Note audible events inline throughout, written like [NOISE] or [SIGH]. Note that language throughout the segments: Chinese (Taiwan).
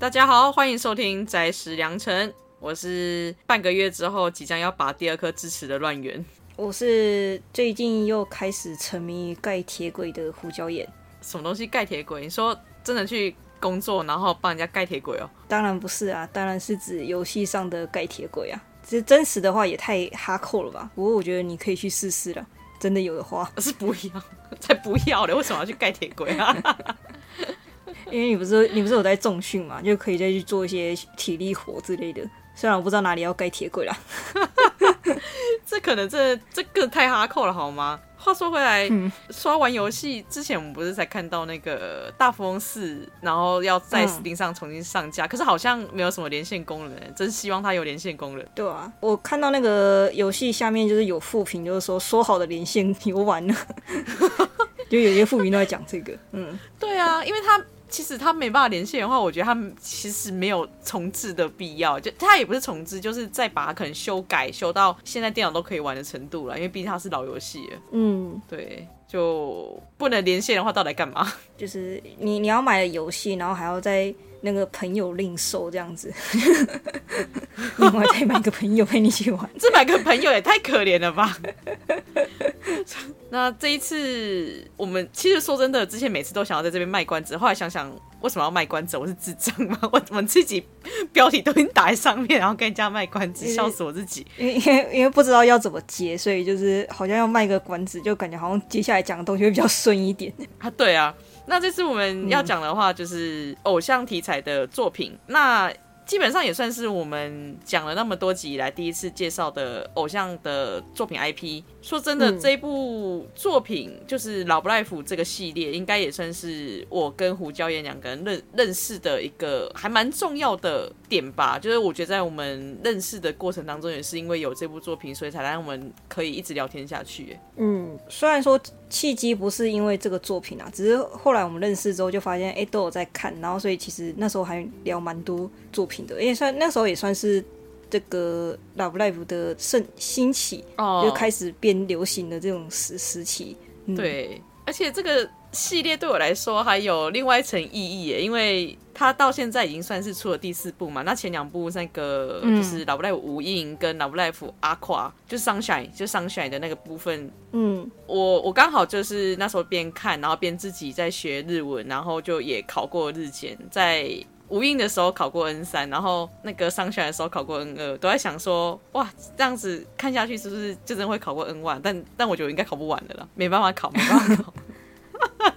大家好，歡迎收聽《宅食良辰》，我是半個月之後即將要拔第二顆智齒的亂源。我是最近又開始沉迷於蓋鐵軌的胡椒鹽。什麼東西蓋鐵軌？你說真的去工作，然後幫人家蓋鐵軌哦？當然不是啊，當然是指遊戲上的蓋鐵軌啊。其實真實的話也太哈扣了吧？不過我覺得你可以去試試了，真的有的話。是不要，才不要呢！ [LAUGHS] 為什麼要去蓋鐵軌啊？ [LAUGHS] 因為你不是你不是有在重訓嘛，就可以再去做一些體力活之類的。雖然我不知道哪裡要蓋鐵軌啦， [LAUGHS] [LAUGHS] 這可能這這個太哈扣了好嗎？話說回來，嗯、刷完遊戲之前，我們不是才看到那個大富翁四，然後要在 Steam 上重新上架，嗯，可是好像沒有什麼連線功能，真是希望它有連線功能。對啊，我看到那個遊戲下面就是有副評，就是說說好的連線又完了， [LAUGHS] 就有些副評都在講這個。 [LAUGHS] 嗯，對啊，因為他。其實他沒辦法連線的話，我覺得他們其實沒有重置的必要，就他也不是重置，就是再把它可能修改修到現在電腦都可以玩的程度了，因為畢竟它是老遊戲了，嗯，對，就。不能連線的話，到底幹嘛？就是你你要買遊戲，然後還要在那個朋友另收這樣子，另外再買個朋友陪你一起玩。這買個朋友也太可憐了吧！ [LAUGHS] 那這一次我們其實說真的，之前每次都想要在這邊賣關子，後來想想為什麼要賣關子？我是智障嗎？我怎麼自己標題都已經打在上面，然後跟人家賣關子，笑死我自己。因為因為因為不知道要怎麼接，所以就是好像要賣個關子，就感覺好像接下來講的東西會比較順。蹲一點啊，對啊，那這次我們要講的話就是偶像題材的作品，嗯，那基本上也算是我們講了那麼多集以來第一次介紹的偶像的作品 IP。說真的，嗯、這部作品就是《Love Live!》這個系列，應該也算是我跟胡椒鹽兩個人認認識的一個還蠻重要的點吧。就是我覺得在我們認識的過程當中，也是因為有這部作品，所以才讓我們可以一直聊天下去。嗯，雖然說契機不是因為這個作品啊，只是後來我們認識之後就發現，哎、欸，都有在看，然後所以其實那時候還聊蠻多作品的，因為，欸、算那時候也算是。這個 Love Live! 的盛興起、oh, 就開始變流行的這種時時期，對、嗯。而且這個系列對我來說還有另外一層意義，因為它到現在已經算是出了第四部嘛。那前兩部那個就是 Love Live! 無印跟 Love Live!Aqours，就 Sunshine 就 Sunshine 的那個部分，嗯，我我剛好就是那時候邊看，然後邊自己在學日文，然後就也考過日檢，在。無印的時候考過 N 三，然後那個 Sunshine 的時候考過 N 二，都在想說，哇，這樣子看下去是不是就真的會考過 N one？但但我覺得我應該考不完了啦，沒辦法考，沒辦法考。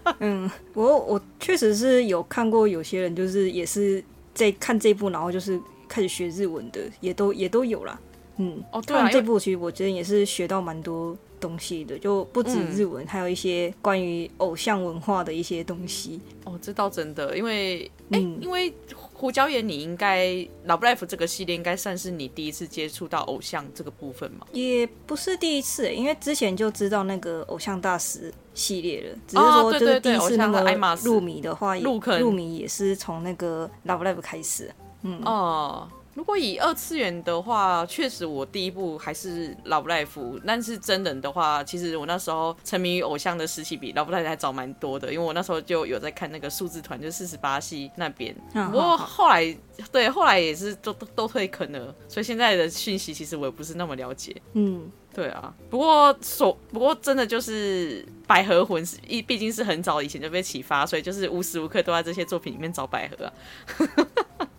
[LAUGHS] [LAUGHS] 嗯，我我確實是有看過有些人就是也是在看這部，然後就是開始學日文的，也都也都有啦。嗯，哦，對啊，看這部其實我覺得也是學到蠻多東西的就不止日文，嗯、還有一些關於偶像文化的一些東西。哦，這倒真的，因為哎、欸，因為胡椒鹽，你應該、嗯、Love Live 這個系列應該算是你第一次接觸到偶像這個部分嘛？也不是第一次、欸，因為之前就知道那個偶像大師系列了，只是說就是第一次那麼入迷的話，哦、對對對，入迷也是從那個 Love Live 開始，嗯。哦。如果以二次元的話，確實我第一部還是 Love Live!，但是真人的話，其實我那時候沉迷於偶像的時期比 Love Live! 還早蠻多的，因為我那時候就有在看那個數字團，就是四十八系那邊。不過後來，對後來也是都都、都退坑了，所以現在的訊息其實我也不是那麼了解。嗯，對啊。不過所不過真的就是《百合魂》是一畢竟是很早以前就被啟發，所以就是無時無刻都在這些作品裡面找百合啊。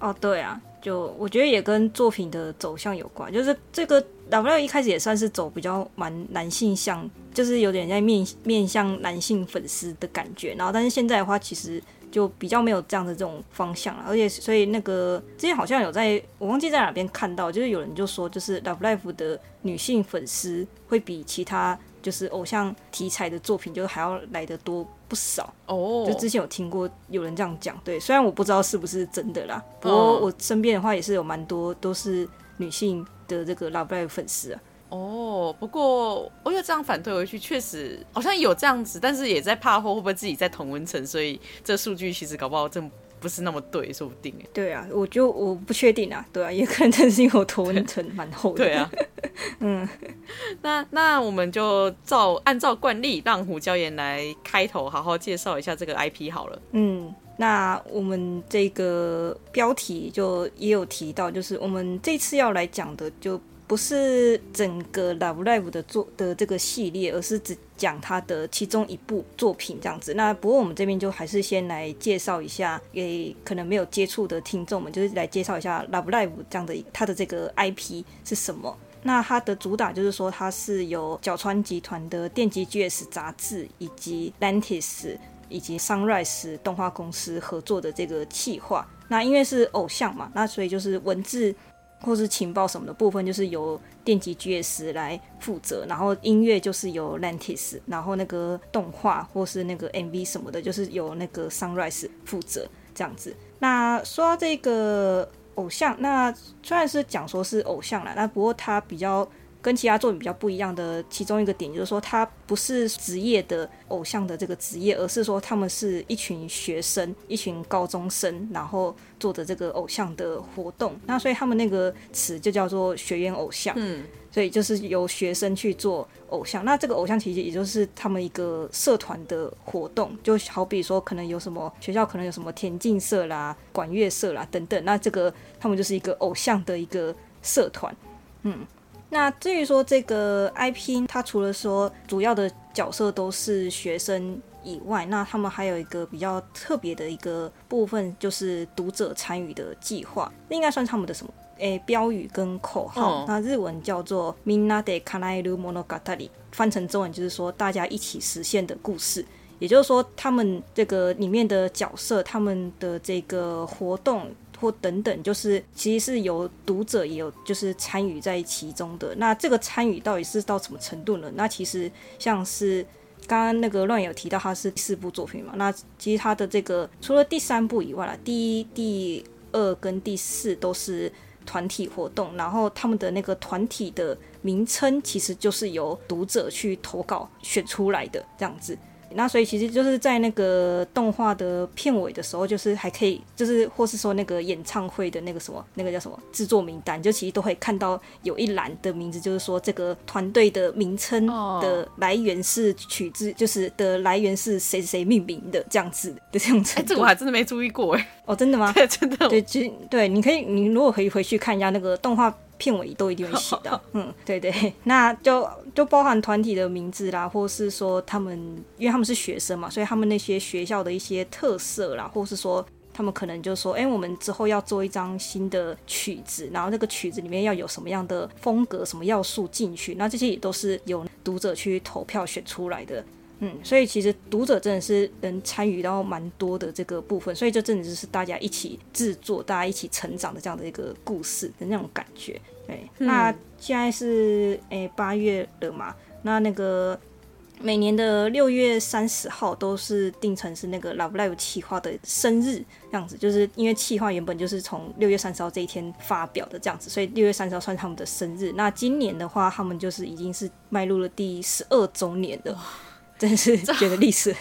[LAUGHS] 哦，對啊。就我覺得也跟作品的走向有關，就是這個 Love Live 一開始也算是走比較蠻男性向，就是有點在面面向男性粉絲的感覺，然後但是現在的話其實就比較沒有這樣的這種方向了，而且所以那個之前好像有在我忘記在哪邊看到，就是有人就說就是 Love Live 的女性粉絲會比其他。就是偶像題材的作品，就是還要來得多不少哦。Oh. 就之前有聽過有人這樣講，對，雖然我不知道是不是真的啦，oh. 不過我身邊的話也是有蠻多都是女性的這個 Love Live 粉絲啊。哦、oh, 不過我有這樣反推回去，確實好像有這樣子，但是也在怕後會不會自己在同溫層，所以這數據其實搞不好真。不是那麼對，說不定對啊，我就我不確定啊，對啊，也可能真是因為我頭沉，蠻厚的。對啊， [LAUGHS] 嗯，那那我們就照按照慣例，讓胡椒鹽來開頭，好好介紹一下這個 IP 好了。嗯，那我們這個標題就也有提到，就是我們這次要來講的就。不是整個 Love Live 的作的這個系列，而是只講它的其中一部作品這樣子。那不過我們這邊就還是先來介紹一下，給可能沒有接觸的聽眾們，就是來介紹一下 Love Live 這樣的它的這個 IP 是什麼。那它的主打就是說，它是由角川集團的電擊 GS 雜誌以及 Lantis 以及 Sunrise 動畫公司合作的這個企劃。那因為是偶像嘛，那所以就是文字。或是情報什麼的部分，就是由電擊 G S 來負責，然後音樂就是由 Lantis，然後那個動畫或是那個 M V 什麼的，就是由那個 Sunrise 負責這樣子。那說到這個偶像，那雖然是講說是偶像啦，那不過他比較跟其他作品比較不一樣的其中一個點，就是說他不是職業的偶像的這個職業，而是說他們是一群學生，一群高中生，然後做的這個偶像的活動。那所以他們那個詞就叫做“學園偶像”。嗯，所以就是由學生去做偶像。那這個偶像其實也就是他們一個社團的活動，就好比說可能有什麼學校，可能有什麼田徑社啦、管樂社啦等等。那這個他們就是一個偶像的一個社團。嗯。那至於說這個 IP，它除了說主要的角色都是學生以外，那他們還有一個比較特別的一個部分，就是讀者參與的計劃，應該算是他們的什麼？誒，標語跟口號。哦、那日文叫做「みんなで葉える物語」，翻成中文就是說“大家一起實現的故事”。也就是說，他們這個裡面的角色，他們的這個活動，或等等，就是其實是由讀者也有就是參與在其中的。那這個參與到底是到什麼程度呢？那其實像是剛剛那個亂有提到，他是四部作品嘛。那其實他的這個除了第三部以外啦，第一、第二跟第四都是團體活動，然後他們的那個團體的名稱其實就是由讀者去投稿選出來的這樣子。那所以其實就是在那個動畫的片尾的時候，就是還可以，就是或是說那個演唱會的那個什麼，那個叫什麼製作名單，就其實都會看到有一欄的名字，就是說這個團隊的名稱的來源是取自，oh. 就是的來源是誰誰命名的這樣子的這樣子。哎、欸，這我還真的沒注意過哎。哦、oh，真的嗎？ [LAUGHS] 對，真的。對，就對，你可以，你如果可以回去看一下那個動畫。片尾都一定會寫到，嗯，對對，那就就包含團體的名字啦，或是說他們，因為他們是學生嘛，所以他們那些學校的一些特色啦，或是說他們可能就說，哎、欸，我們之後要做一張新的曲子，然後那個曲子裡面要有什麼樣的風格、什麼要素進去，那這些也都是由讀者去投票選出來的。嗯，所以其實讀者真的是能參與到蠻多的這個部分，所以這真的就是大家一起製作、大家一起成長的這樣的一個故事的那種感覺。對，嗯、那現在是誒八、欸、月了嘛？那那個每年的六月三十號都是定成是那個 Love Live! 企劃的生日，這樣子，就是因為企劃原本就是從六月三十號這一天發表的這樣子，所以六月三十號算是他們的生日。那今年的話，他們就是已經是邁入了第十二周年了。真是覺得歷史啊、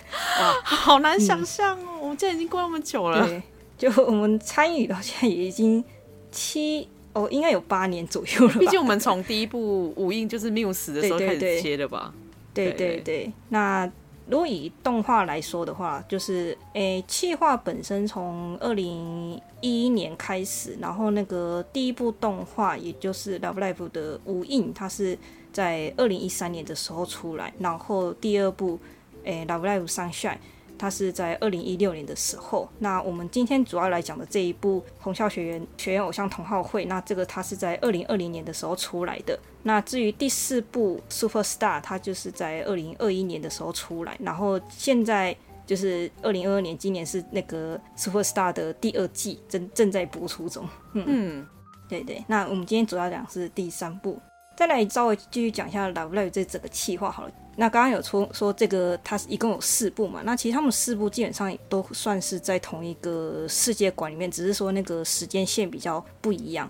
哦嗯，好難想象哦！我們現在已經過那麼久了，對，就我們參與到現在也已經七哦，應該有八年左右了吧？畢竟我們從第一部無印就是繆斯的時候開始接的吧，對對對對對對？對對對。那如果以動畫來說的話，就是誒，企劃本身從二零一一年開始，然後那個第一部動畫，也就是 Love Live 的無印，它是。在二零一三年的時候出來，然後第二部，誒、欸、，Love Live Sunshine，它是在二零一六年的時候。那我們今天主要來講的這一部《虹咲學園學園偶像同好會》，那這個它是在二零二零年的時候出來的。那至於第四部 Super Star，它就是在二零二一年的時候出來。然後現在就是二零二二年，今年是那個 Super Star 的第二季正正在播出中，嗯嗯。嗯，對對。那我們今天主要講的是第三部。再來稍微繼續講一下《Love Live》這整個企劃好了。那剛剛有說說這個它一共有四部嘛，那其實他們四部基本上都算是在同一個世界觀裡面，只是說那個時間線比較不一樣。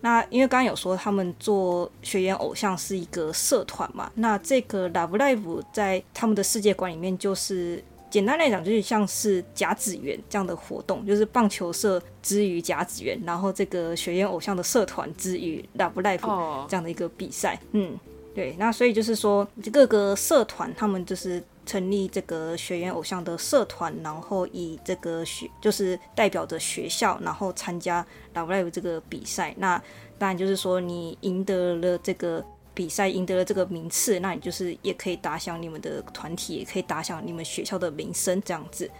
那因為剛剛有說他們做學園偶像是一個社團嘛，那這個《Love Live》在他們的世界觀裡面就是。簡單來講，就是像是甲子園這樣的活動，就是棒球社之於甲子園，然後這個學園偶像的社團之於 Love Live 這樣的一個比賽，哦。嗯，對。那所以就是說，各個社團他們就是成立這個學園偶像的社團，然後以這個學就是代表着學校，然後參加 Love Live 這個比賽。那當然就是說，你贏得了這個。比賽贏得了這個名次，那你就是也可以打響你們的團體，也可以打響你們學校的名聲，這樣子。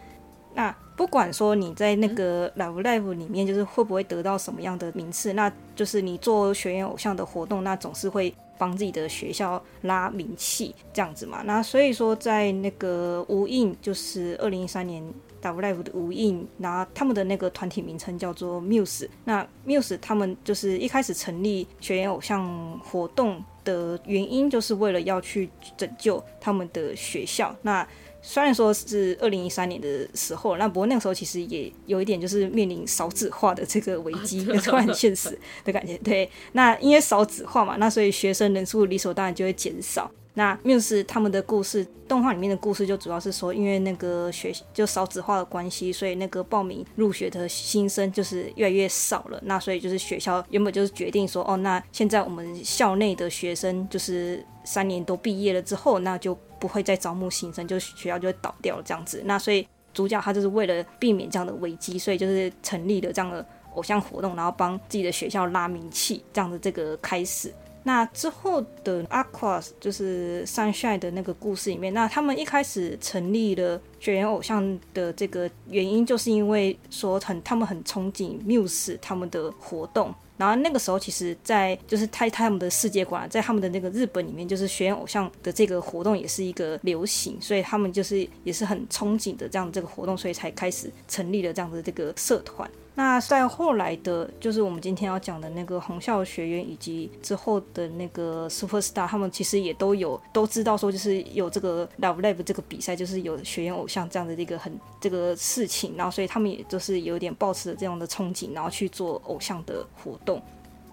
那不管說你在那個 Love Live 裡面，就是會不會得到什麼樣的名次，那就是你做學園偶像的活動，那總是會幫自己的學校拉名氣，這樣子嘛。那所以說，在那個無印，就是二零一三年 Love Live 的無印，那他們的那個團體名稱叫做 Muse。那 Muse 他們就是一開始成立學園偶像活動。的原因就是為了要去拯救他們的學校。那雖然說是二零一三年的時候，那不過那個時候其實也有一點就是面臨少子化的這個危機，突然現實的感覺。對，那因為少子化嘛，那所以學生人數理所當然就會減少。那 μ's 他們的故事，動畫裡面的故事就主要是說，因為那個學就少子化的關係，所以那個報名入學的新生就是越來越少了。那所以就是學校原本就是決定說，哦，那現在我們校內的學生就是三年都畢業了之後，那就不會再招募新生，就學校就會倒掉了這樣子。那所以主角他就是為了避免這樣的危機，所以就是成立了這樣的偶像活動，然後幫自己的學校拉名氣這樣的這個開始。那之後的 Aquas 就是 Sunshine 的那個故事裡面，那他們一開始成立了學園偶像的這個原因，就是因為說很他們很憧憬 Muse 他們的活動，然後那個時候其實在，在就是他他們的世界觀，在他們的那個日本裡面，就是學園偶像的這個活動也是一個流行，所以他們就是也是很憧憬的這樣的這個活動，所以才開始成立了這樣的這個社團。那在後來的，就是我們今天要講的那個虹咲學園，以及之後的那個 Super Star，他們其實也都有都知道，說就是有這個 Love Live 這個比賽，就是有學園偶像這樣的一個很這個事情，然後所以他們也就是有點抱持着這樣的憧憬，然後去做偶像的活動。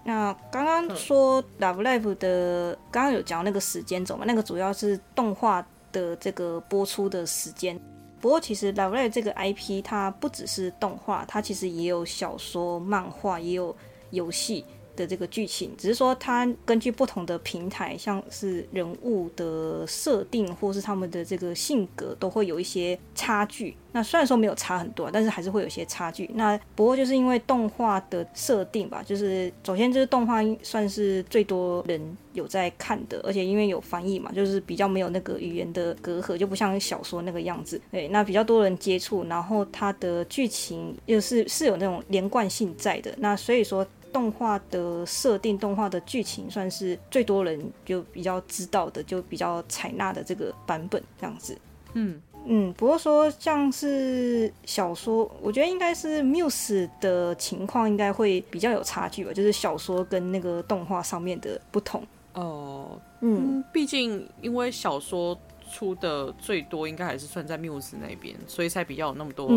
那剛剛說 Love Live 的，剛剛有講那個時間軸嘛，那個主要是動畫的這個播出的時間。不過，其實 Love Live! 這個 IP，它不只是動畫，它其實也有小說、漫畫，也有遊戲。的這個劇情，只是說它根據不同的平台，像是人物的設定或是他們的這個性格，都會有一些差距。那雖然說沒有差很多，但是還是會有些差距。那不過就是因為動畫的設定吧，就是首先就是動畫算是最多人有在看的，而且因為有翻譯嘛，就是比較沒有那個語言的隔閡，就不像小說那個樣子。對，那比較多人接觸，然後它的劇情又、就是是有那種連貫性在的，那所以說。動畫的設定、動畫的劇情，算是最多人就比較知道的，就比較採納的這個版本這樣子。嗯嗯，不過說像是小說，我覺得應該是 Muse 的情況應該會比較有差距吧，就是小說跟那個動畫上面的不同。哦，嗯，畢竟因為小說。出的最多應該還是算在 Muse 那邊，所以才比較有那麼多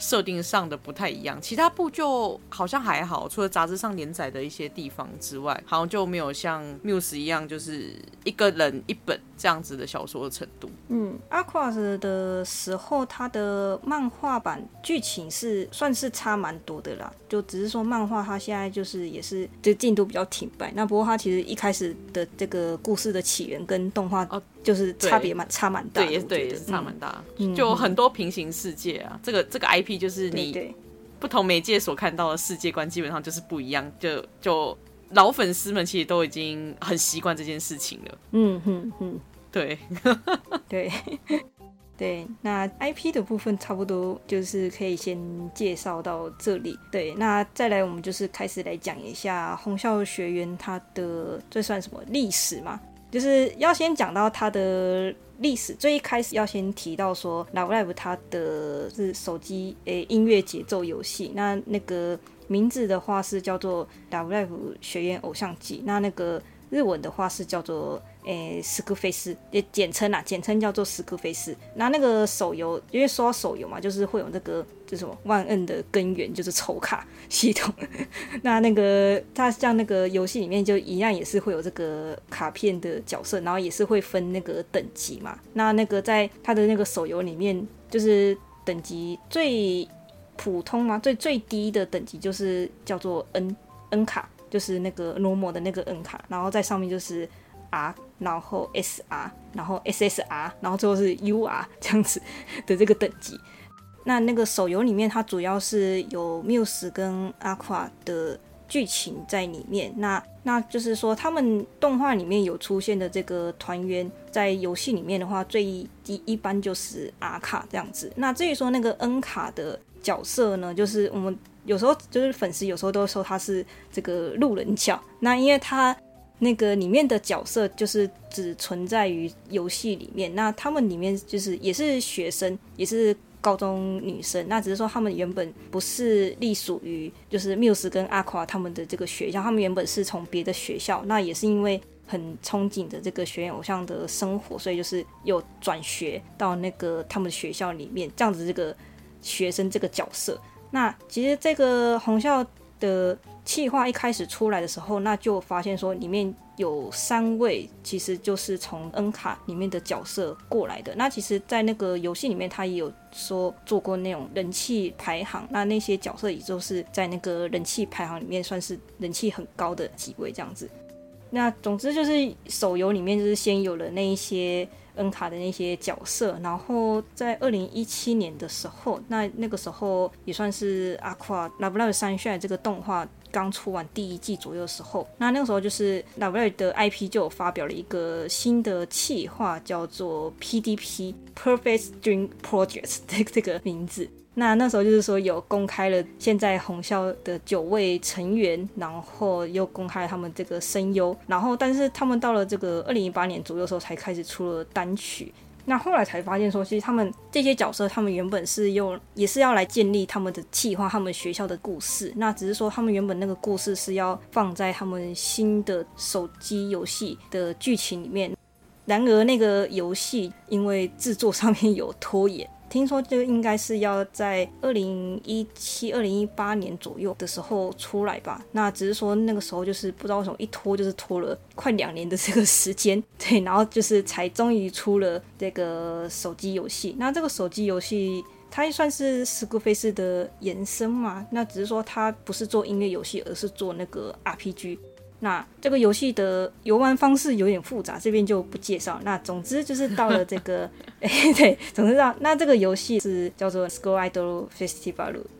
設定上的不太一樣。嗯嗯。其他部就好像還好，除了雜誌上連載的一些地方之外，好像就沒有像 Muse 一樣，就是一個人一本這樣子的小說的程度。嗯，Aqours 的時候，它的漫畫版劇情是算是差蠻多的啦，就只是說漫畫它現在就是也是就進度比較停擺。那不過它其實一開始的這個故事的起源跟動畫，啊。就是差別蠻差蠻大，也對，差蠻大，差大，嗯。就很多平行世界啊，嗯、這個這個 IP 就是你不同媒介所看到的世界觀基本上就是不一樣。就就老粉絲們其實都已經很習慣這件事情了。嗯嗯嗯，對，對 [LAUGHS] 對。那 IP 的部分差不多就是可以先介紹到這裡。對，那再來我們就是開始來講一下虹咲學園他的這算什麼歷史嘛？就是要先講到它的歷史，最一開始要先提到說，Love Live 它的是手機誒音樂節奏遊戲，那那個名字的話是叫做 Love Live 學園偶像祭，那那個日文的話是叫做。誒、欸，史科菲斯也簡稱啦，簡稱叫做史科菲斯。那那個手遊，因為說到手遊嘛，就是會有那個就是、什麼萬惡的根源，就是抽卡系統。 [LAUGHS] 那那個它像那個遊戲裡面就一樣，也是會有這個卡片的角色，然後也是會分那個等級嘛。那那個在它的那個手遊裡面，就是等級最普通嘛，最最低的等級就是叫做 N N 卡，就是那個 normal 的那個 N 卡，然後在上面就是 R。然後 S R，然後 S S R，然後最後是 U R 這樣子的這個等級。那那個手遊裡面，它主要是有 Muse 跟 Aqua 的劇情在裡面。那那就是說，他們動畫裡面有出現的這個團員，在遊戲裡面的話，最低一般就是 R 卡這樣子。那至於說那個 N 卡的角色呢，就是我們有時候就是粉絲有時候都會說他是這個路人角。那因為他。那個裡面的角色就是只存在於遊戲裡面。那他們裡面就是也是學生，也是高中女生。那只是說他們原本不是隸屬於就是繆斯跟阿誇他們的這個學校，他們原本是從別的學校。那也是因為很憧憬的這個學園偶像的生活，所以就是又轉學到那個他們的學校裡面，這樣子這個學生這個角色。那其實這個虹咲的。企劃一開始出來的時候，那就發現說裡面有三位其實就是從 N 卡裡面的角色過來的。那其實，在那個遊戲裡面，他也有說做過那種人氣排行。那那些角色也就是在那個人氣排行裡面算是人氣很高的幾位這樣子。那總之就是手遊裡面就是先有了那一些 N 卡的那些角色，然後在二零一七年的時候，那那個時候也算是 Aqours Love Live! Sunshine!! 這個動畫。剛出完第一季左右的時候，那那個時候就是 LoveLive 的 IP 就發表了一個新的企劃，叫做 PDP Perfect Dream Project 這個這個名字。那那時候就是說有公開了現在紅校的九位成員，然後又公開了他們這個聲優，然後但是他們到了這個二零一八年左右的時候才開始出了單曲。那後來才發現，說其實他們這些角色，他們原本是用，也是要來建立他們的企劃，他們學校的故事。那只是說，他們原本那個故事是要放在他們新的手機遊戲的劇情裡面，然而那個遊戲因為製作上面有拖延。聽說就應該是要在二零一七、二零一八年左右的時候出來吧，那只是說那個時候就是不知道為什麼一拖就是拖了快兩年的這個時間，對，然後就是才終於出了這個手機遊戲。那這個手機遊戲它也算是《School Face》的延伸嘛？那只是說它不是做音樂遊戲，而是做那個 RPG。那這個遊戲的遊玩方式有點複雜，這邊就不介紹。那總之就是到了這個，哎、 [LAUGHS] 欸，對，總之到那這個遊戲是叫做《School Idol Festival》，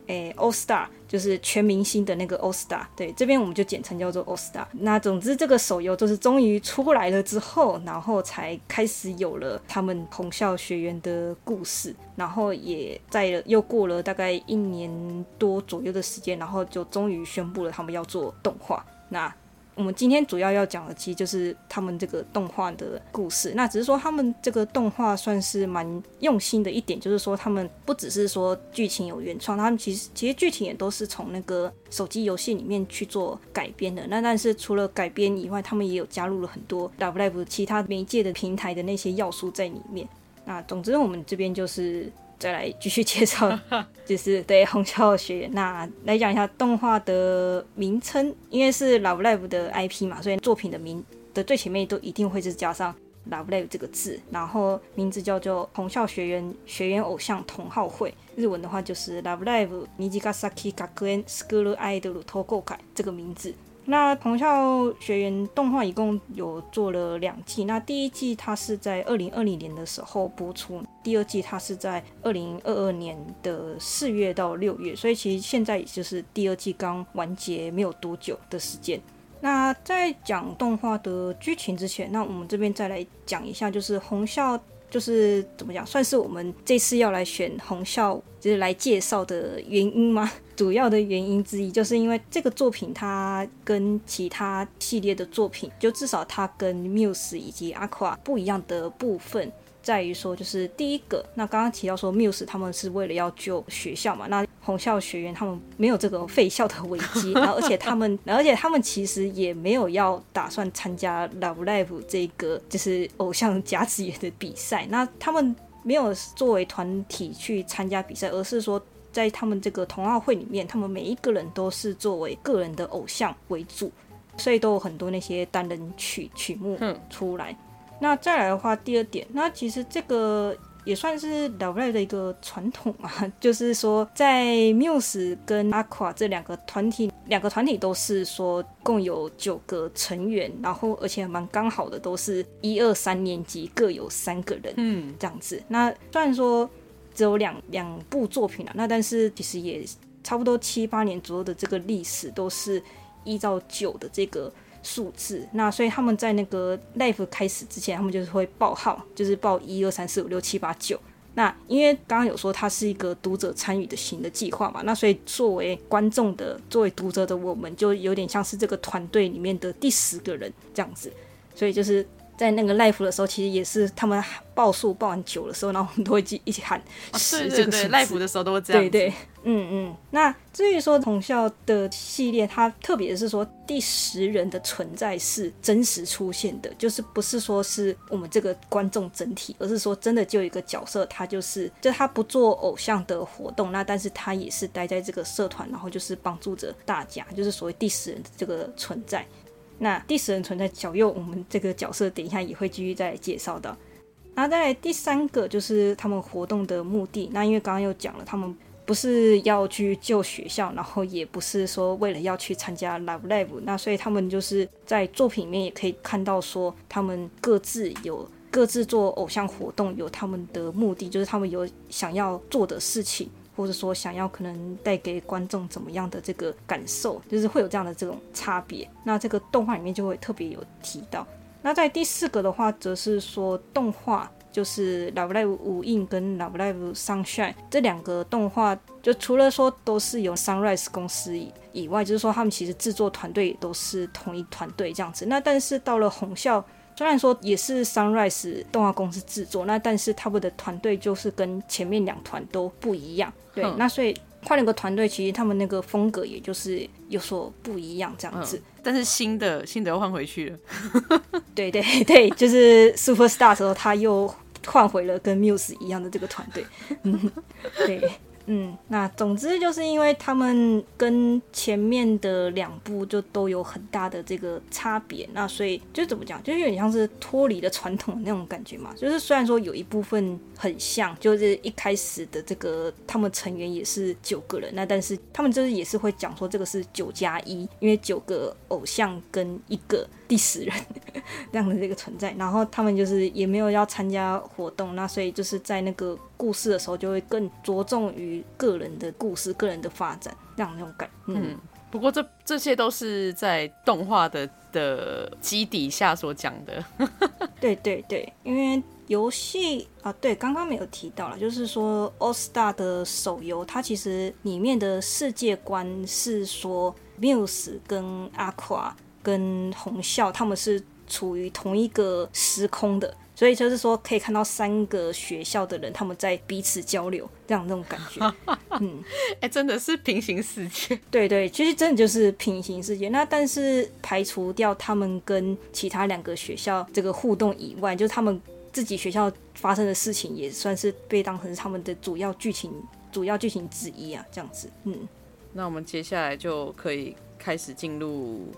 欸，哎，All Star，就是全明星的那個 All Star。對，這邊我們就簡稱叫做 All Star。那總之這個手遊就是終於出來了之後，然後才開始有了他們虹咲學園的故事，然後也在了又過了大概一年多左右的時間，然後就終於宣布了他們要做動畫。那我們今天主要要講的，其實就是他們這個動畫的故事。那只是說，他們這個動畫算是蠻用心的一點，就是說，他們不只是說劇情有原創，他們其實其實劇情也都是從那個手機遊戲裡面去做改編的。那但是除了改編以外，他們也有加入了很多 Love Live 其他媒介的平台的那些要素在裡面。那總之，我們這邊就是。再來繼續介紹，就是對虹咲學園。那來講一下動畫的名稱，因為是 Love Live 的 IP 嘛，所以作品的名的最前面都一定會是加上 Love Live 這個字。然後名字叫做虹咲學園學園偶像同好會，日文的話就是 Love Live 虹ヶ咲學園 School Idol 同好會這個名字。那虹咲學園動畫一共有做了兩季，那第一季它是在二零二零年的時候播出，第二季它是在二零二二年的四月到六月，所以其實現在也就是第二季剛完結沒有多久的時間。那在講動畫的劇情之前，那我們這邊再來講一下，就是虹咲。就是怎麼講，算是我們這次要來選虹咲，就是來介紹的原因嗎？主要的原因之一，就是因為這個作品，它跟其他系列的作品，就至少它跟 Muse 以及 Aqua 不一樣的部分。在於說，就是第一個，那剛剛提到說，Muse 他們是為了要救學校嘛？那虹咲學園他們沒有這個廢校的危機， [LAUGHS] 然後而且他們，而且他們其實也沒有要打算參加 Love Live 這個就是偶像甲子園的比賽。那他們沒有作為團體去參加比賽，而是說在他們這個同好會裡面，他們每一個人都是作為個人的偶像為主，所以都有很多那些單人曲曲目出來。那再來的話，第二點，那其實這個也算是老賴的一個傳統啊，就是說在繆斯跟阿 a 這兩個團體，兩個團體都是說共有九個成員，然後而且蠻剛好的，都是一二三年級各有三個人，嗯，這樣子、嗯。那雖然說只有兩兩部作品了，啊，那但是其實也差不多七八年左右的這個歷史，都是依照九的這個。數字，那所以他們在那個 live 開始之前，他們就是會報號，就是報一、二、三、四、五、六、七、八、九。那因為剛剛有說它是一個讀者參與的型的計劃嘛，那所以作為觀眾的、作為讀者的，我們就有點像是這個團隊裡面的第十個人這樣子，所以就是。在那個 Live 的時候，其實也是他們報數報完九的時候，然後我們都會一起一起喊十、哦、對對 Live 的時候都會這樣。對，對對，嗯嗯。那至於說虹咲的系列，它特別是說第十人的存在是真實出現的，就是不是說是我們這個觀眾整體，而是說真的就一個角色，他就是就他不做偶像的活動，那但是他也是待在這個社團，然後就是幫助着大家，就是所謂第十人的這個存在。那第十人存在小右，我們這個角色等一下也會繼續再介紹的。那再來第三個就是他們活動的目的。那因為剛剛又講了，他們不是要去救學校，然後也不是說為了要去參加 Love Live，那所以他們就是在作品裡面也可以看到說，他們各自有各自做偶像活動，有他們的目的，就是他們有想要做的事情。或者說想要可能帶給觀眾怎麼樣的這個感受，就是會有這樣的這種差別。那這個動畫裡面就會特別有提到。那在第四個的話，則是說動畫就是《Love Live!》無印跟《Love Live!》Sunshine 這兩個動畫，就除了說都是由 Sunrise 公司以以外，就是說他們其實製作團隊也都是同一團隊這樣子。那但是到了虹咲。雖然說也是 Sunrise 動畫公司製作，那但是他們的團隊就是跟前面兩團都不一樣，對，嗯、那所以換了一個團隊，其實他們那個風格也就是有所不一樣這樣子。嗯、但是新的新的又換回去了， [LAUGHS] 對對對，就是 Super Star 的時候他又換回了跟 Muse 一樣的這個團隊，嗯，對。嗯，那總之就是因為他們跟前面的兩部就都有很大的這個差別，那所以就怎麼講，就有點像是脫離了傳統的那種感覺嘛。就是雖然說有一部分很像，就是一開始的這個他們成員也是九個人，那但是他們就是也是會講說這個是九加一，因為九個偶像跟一個第十人這樣的這個存在，然後他們就是也沒有要參加活動，那所以就是在那個。故事的時候就會更着重於個人的故事、個人的發展這樣那種感嗯。嗯，不過這這些都是在動畫的的基底下所講的。 [LAUGHS] 對對對，因為遊戲啊，對，剛剛沒有提到了，就是說《All Star》的手遊，它其實裡面的世界觀是說，Muse 跟阿誇跟虹咲他們是處於同一個時空的。所以就是說，可以看到三個學校的人他們在彼此交流這樣那種感覺， [LAUGHS] 嗯，哎、欸，真的是平行世界， [LAUGHS] 對，對對，其實真的就是平行世界。那但是排除掉他們跟其他兩個學校這個互動以外，就是他們自己學校發生的事情，也算是被當成是他們的主要劇情主要劇情之一啊，這樣子。嗯，那我們接下來就可以開始進入。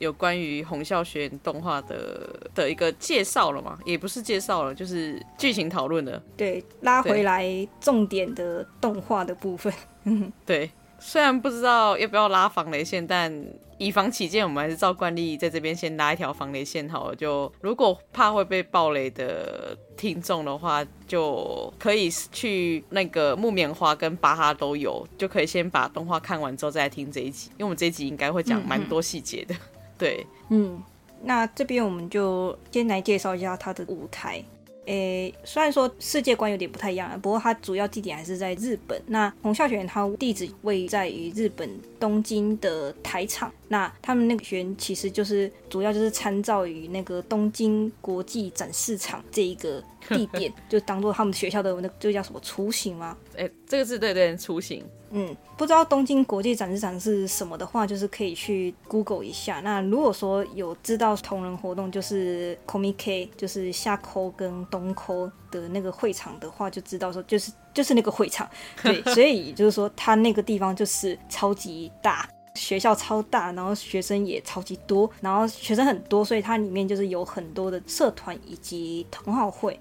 有關於虹咲學園動畫的的一個介紹了嘛？也不是介紹了，就是劇情討論了。對，拉回來重點的動畫的部分。嗯， [LAUGHS] 對。雖然不知道要不要拉防雷線，但以防起見，我們還是照慣例在這邊先拉一條防雷線好了，就如果怕會被暴雷的聽眾的話，就可以去那個木棉花跟巴哈都有，就可以先把動畫看完之後再來聽這一集，因為我們這一集應該會講蠻多細節的。嗯嗯對，嗯，那這邊我們就先來介紹一下他的舞台。誒、欸，雖然說世界觀有點不太一樣，不過他主要地點還是在日本。那虹咲學園他地址位於在於日本東京的台場。那他們那個學園其實就是主要就是參照於那個東京國際展示場這一個地點， [LAUGHS] 就當做他們學校的那個就叫什麼雛形嗎？誒、欸，這個是對對雛形。嗯，不知道東京國際展示場是什麼的話，就是可以去 Google 一下。那如果說有知道同人活動，就是 Comike，就是夏 Comi 跟冬 Comi 的那個會場的話，就知道說就是就是那個會場。對， [LAUGHS] 所以就是說他那個地方就是超級大，學校超大，然後學生也超級多，然後學生很多，所以它裡面就是有很多的社團以及同好會。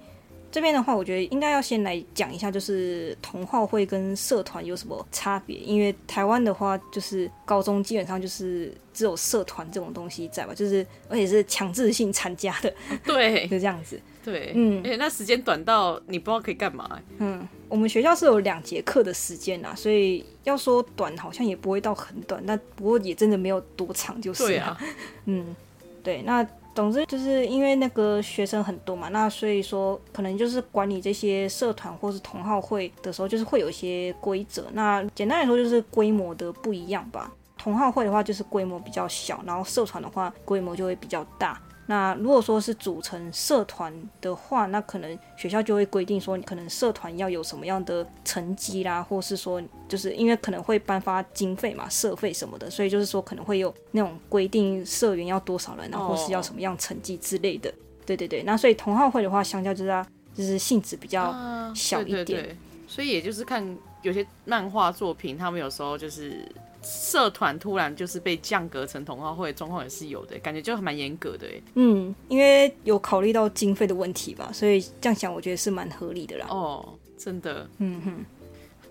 這邊的話，我覺得應該要先來講一下，就是同好會跟社團有什麼差別。因為台灣的話，就是高中基本上就是只有社團這種東西在吧，就是而且是強制性參加的，對， [LAUGHS] 是這樣子，對，嗯，而、欸、且那時間短到你不知道可以幹嘛、欸。嗯，我們學校是有兩節課的時間啦，所以要說短，好像也不會到很短。那不過也真的沒有多長，就是啊對啊，嗯，對，那。總之，就是因為那個學生很多嘛，那所以說，可能就是管理這些社團或是同好會的時候，就是會有一些規則。那簡單來說，就是規模的不一樣吧。同好會的話，就是規模比較小，然後社團的話，規模就會比較大。那如果說是組成社團的話，那可能學校就會規定說，你可能社團要有什麼樣的成績啦，或是說，就是因為可能會頒發經費嘛，社費什麼的，所以就是說可能會有那種規定，社員要多少人，然後或是要什麼樣成績之類的、哦。對對對，那所以同好會的話，相較就是、啊、就是性質比較小一點、嗯。對對對。所以也就是看有些漫畫作品，他們有時候就是。社團突然就是被降格成同好會，狀況也是有的，感覺就還蠻嚴格的。嗯，因為有考慮到經費的問題吧，所以這樣想我覺得是蠻合理的啦。哦，真的。嗯哼，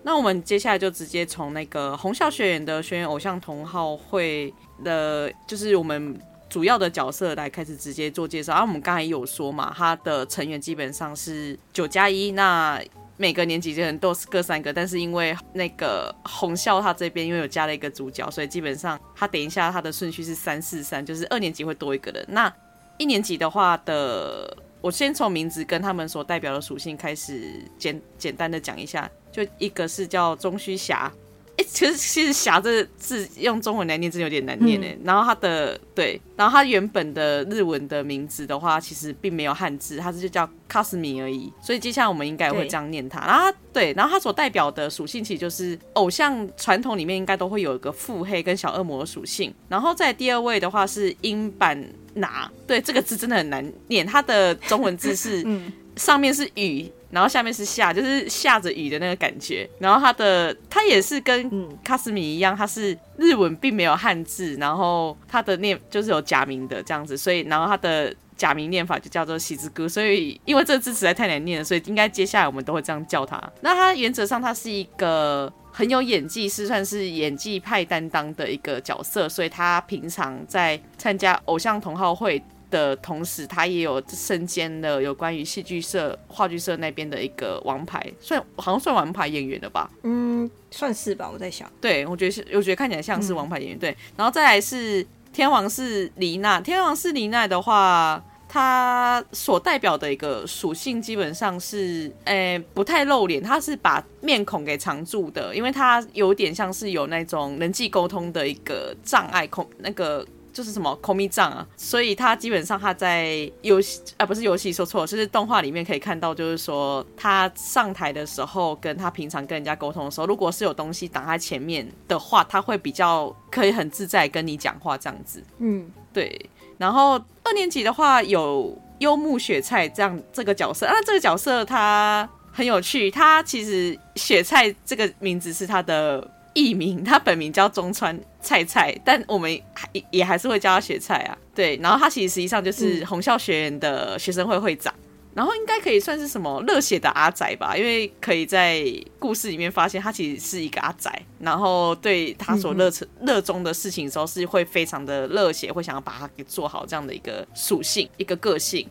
那我們接下來就直接從那個虹咲學園的學園偶像同好會的，就是我們主要的角色來開始直接做介紹。然後我們剛才有說嘛，他的成員基本上是九加一，那。每個年級就很多各三個，但是因為那個虹咲他這邊因為有加了一個主角，所以基本上他等一下他的順序是三四三，就是二年級會多一個人。那一年級的話的，我先從名字跟他們所代表的屬性開始簡簡單的講一下，就一個是叫中須霞。哎、欸，其實其實霞這字用中文來念真的有點難念哎、欸嗯。然後他的，對，然後他原本的日文的名字的話，其實並沒有漢字，他是就叫卡斯米而已。所以接下來我們應該會這樣念他啊，對。然後他所代表的屬性其實就是偶像傳統裡面應該都會有一個腹黑跟小惡魔屬性。然後在第二位的話是櫻坂雫，對，這個字真的很難念，他的中文字是、嗯、上面是雨，然後下面是下，就是下着雨的那個感覺。然後他的他也是跟卡斯米一樣，他是日文並沒有漢字，然後他的念就是有假名的這樣子。所以然後他的假名念法就叫做 Shizuku。所以因為這個字實在太難念了，所以應該接下來我們都會這樣叫他。那他原則上他是一個很有演技，是算是演技派擔當的一個角色，所以他平常在參加偶像同好會的同時，他也有身兼了有關於戲劇社、話劇社那邊的一個王牌，算好像算王牌演員了吧？嗯，算是吧。我在想，對我覺得是，我覺得看起來像是王牌演員。嗯、對，然後再來是天王寺璃奈。天王寺璃奈的話，他所代表的一個屬性基本上是，誒、欸，不太露臉，他是把面孔給藏住的，因為他有點像是有那種人際溝通的一個障礙空那個。就是什麼コミュ障啊，所以他基本上他在遊戲啊，不是遊戲，說錯了，就是動畫裡面可以看到，就是說他上台的時候，跟他平常跟人家溝通的時候，如果是有東西擋在前面的話，他會比較可以很自在跟你講話這樣子。嗯，對。然後二年級的話有優木雪菜這樣這個角色啊，那這個角色他很有趣。他其實雪菜這個名字是他的藝名，他本名叫中川菜菜，但我們也也還是會叫他雪菜啊。對，然後他其實實際上就是虹咲學園的學生會會長，嗯、然後應該可以算是什麼熱血的阿宅吧？因為可以在故事裡面發現他其實是一個阿宅，然後對他所熱衷熱衷的事情，的時候，是會非常的熱血，會想要把它給做好這樣的一個屬性，一個個性。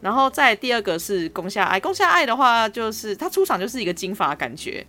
然後再第二個是宮下愛，宮下愛的話，就是他出場就是一個金髮感覺。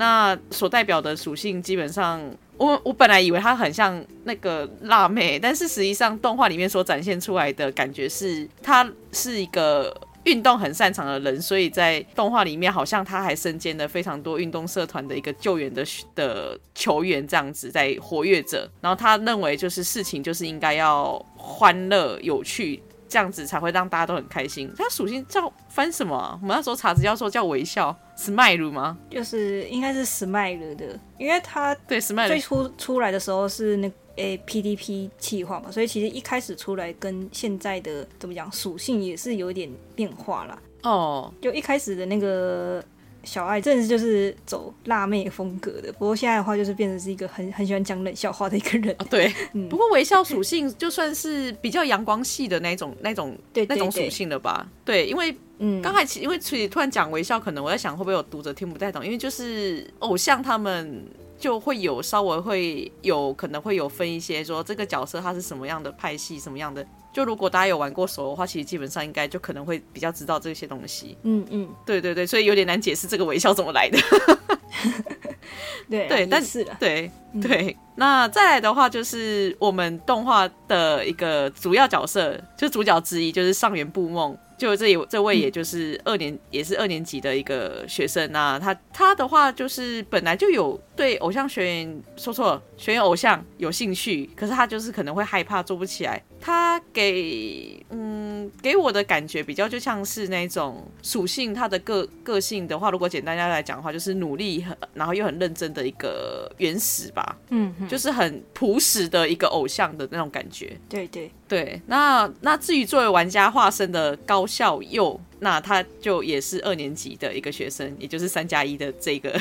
那所代表的屬性，基本上我我本來以為他很像那個辣妹，但是實際上動畫裡面所展現出來的感覺是，她是一個運動很擅長的人，所以在動畫裡面好像她還身兼了非常多運動社團的一個救援的的球員這樣子在活躍着，然後他認為就是事情就是應該要歡樂有趣。這樣子才會讓大家都很開心。它屬性叫翻什麼、啊？我們那時候查資料的時候叫微笑，smile 嗎？就是應該是 smile 的，因為它對 smile 最初出來的時候是那哎、個欸、PDP 企劃嘛，所以其實一開始出來跟現在的怎麼講屬性也是有點變化啦哦。Oh. 就一開始的那個。小愛真的是就是走辣妹風格的，不過現在的話就是變成是一個很很喜歡講冷笑話的一個人、啊、對，不過微笑屬性就算是比較陽光系的那種那種 [LAUGHS] 那種屬性了吧。對，對，對，對，因為嗯，剛才因為其實突然講微笑，可能我在想會不會有讀者聽不太懂，因為就是偶像他們。就會有稍微會有可能會有分一些，說這個角色他是什麼樣的派系，什麼樣的。就如果大家有玩過手遊的話，其實基本上應該就可能會比較知道這些東西。嗯嗯，對對對，所以有點難解釋這個微笑怎麼來的。 [LAUGHS] [LAUGHS] 對、啊、對，但是對對、嗯。那再來的話，就是我們動畫的一個主要角色，就主角之一，就是上原步夢。就這也這位，也就是二年、嗯，也是二年級的一個學生啊，他他的話就是本來就有對偶像學園說錯了，學園偶像有興趣，可是他就是可能會害怕做不起來。他給嗯給我的感覺比較就像是那種屬性，他的個個性的話，如果簡單家來講的話，就是努力很，然後又很認真的一個原始吧，嗯，就是很樸實的一個偶像的那種感覺。對對對，那那至於作為玩家化身的高咲侑，那他就也是二年級的一個學生，也就是三加一的這個。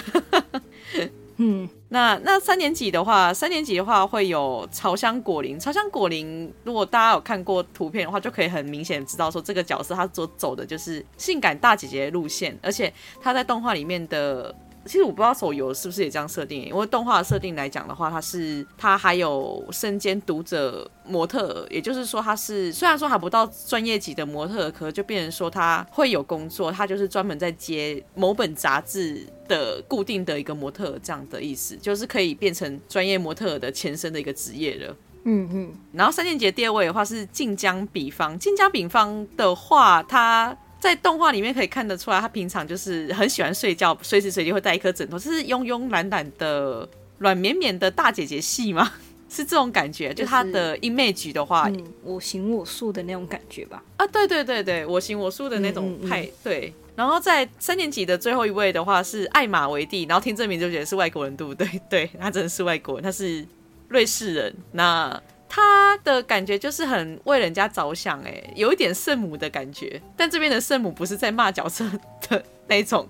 [LAUGHS] 嗯， [NOISE] 那那三年級的話，三年級的話會有朝香果林。朝香果林，如果大家有看過圖片的話，就可以很明顯知道說這個角色他所走，走的就是性感大姐姐的路線，而且他在動畫裡面的。其實我不知道手遊是不是也這樣設定，因為動畫設定來講的話，它是它還有身兼讀者模特，也就是說它是雖然說還不到專業級的模特，可就變成說它會有工作，它就是專門在接某本雜誌的固定的一個模特這樣的意思，就是可以變成專業模特的前身的一個職業了。嗯嗯，然後三年級第二位的話是近江彼方，近江彼方的話他。它在動畫裡面可以看得出來，他平常就是很喜歡睡覺，隨時隨地會帶一顆枕頭，這是慵慵懶懶的、軟綿綿的大姐姐系嗎？是這種感覺，就，是、就他的 image 的話、嗯，我行我素的那種感覺吧。啊，對對對對，我行我素的那種派，嗯嗯嗯，對。然後在三年級的最後一位的話是艾瑪維帝。然後聽這名就覺得是外國人，對不對？對，他真的是外國人，他是瑞士人。那。他的感覺就是很為人家着想，欸，哎，有一點聖母的感覺。但這邊的聖母不是在罵角色的那一種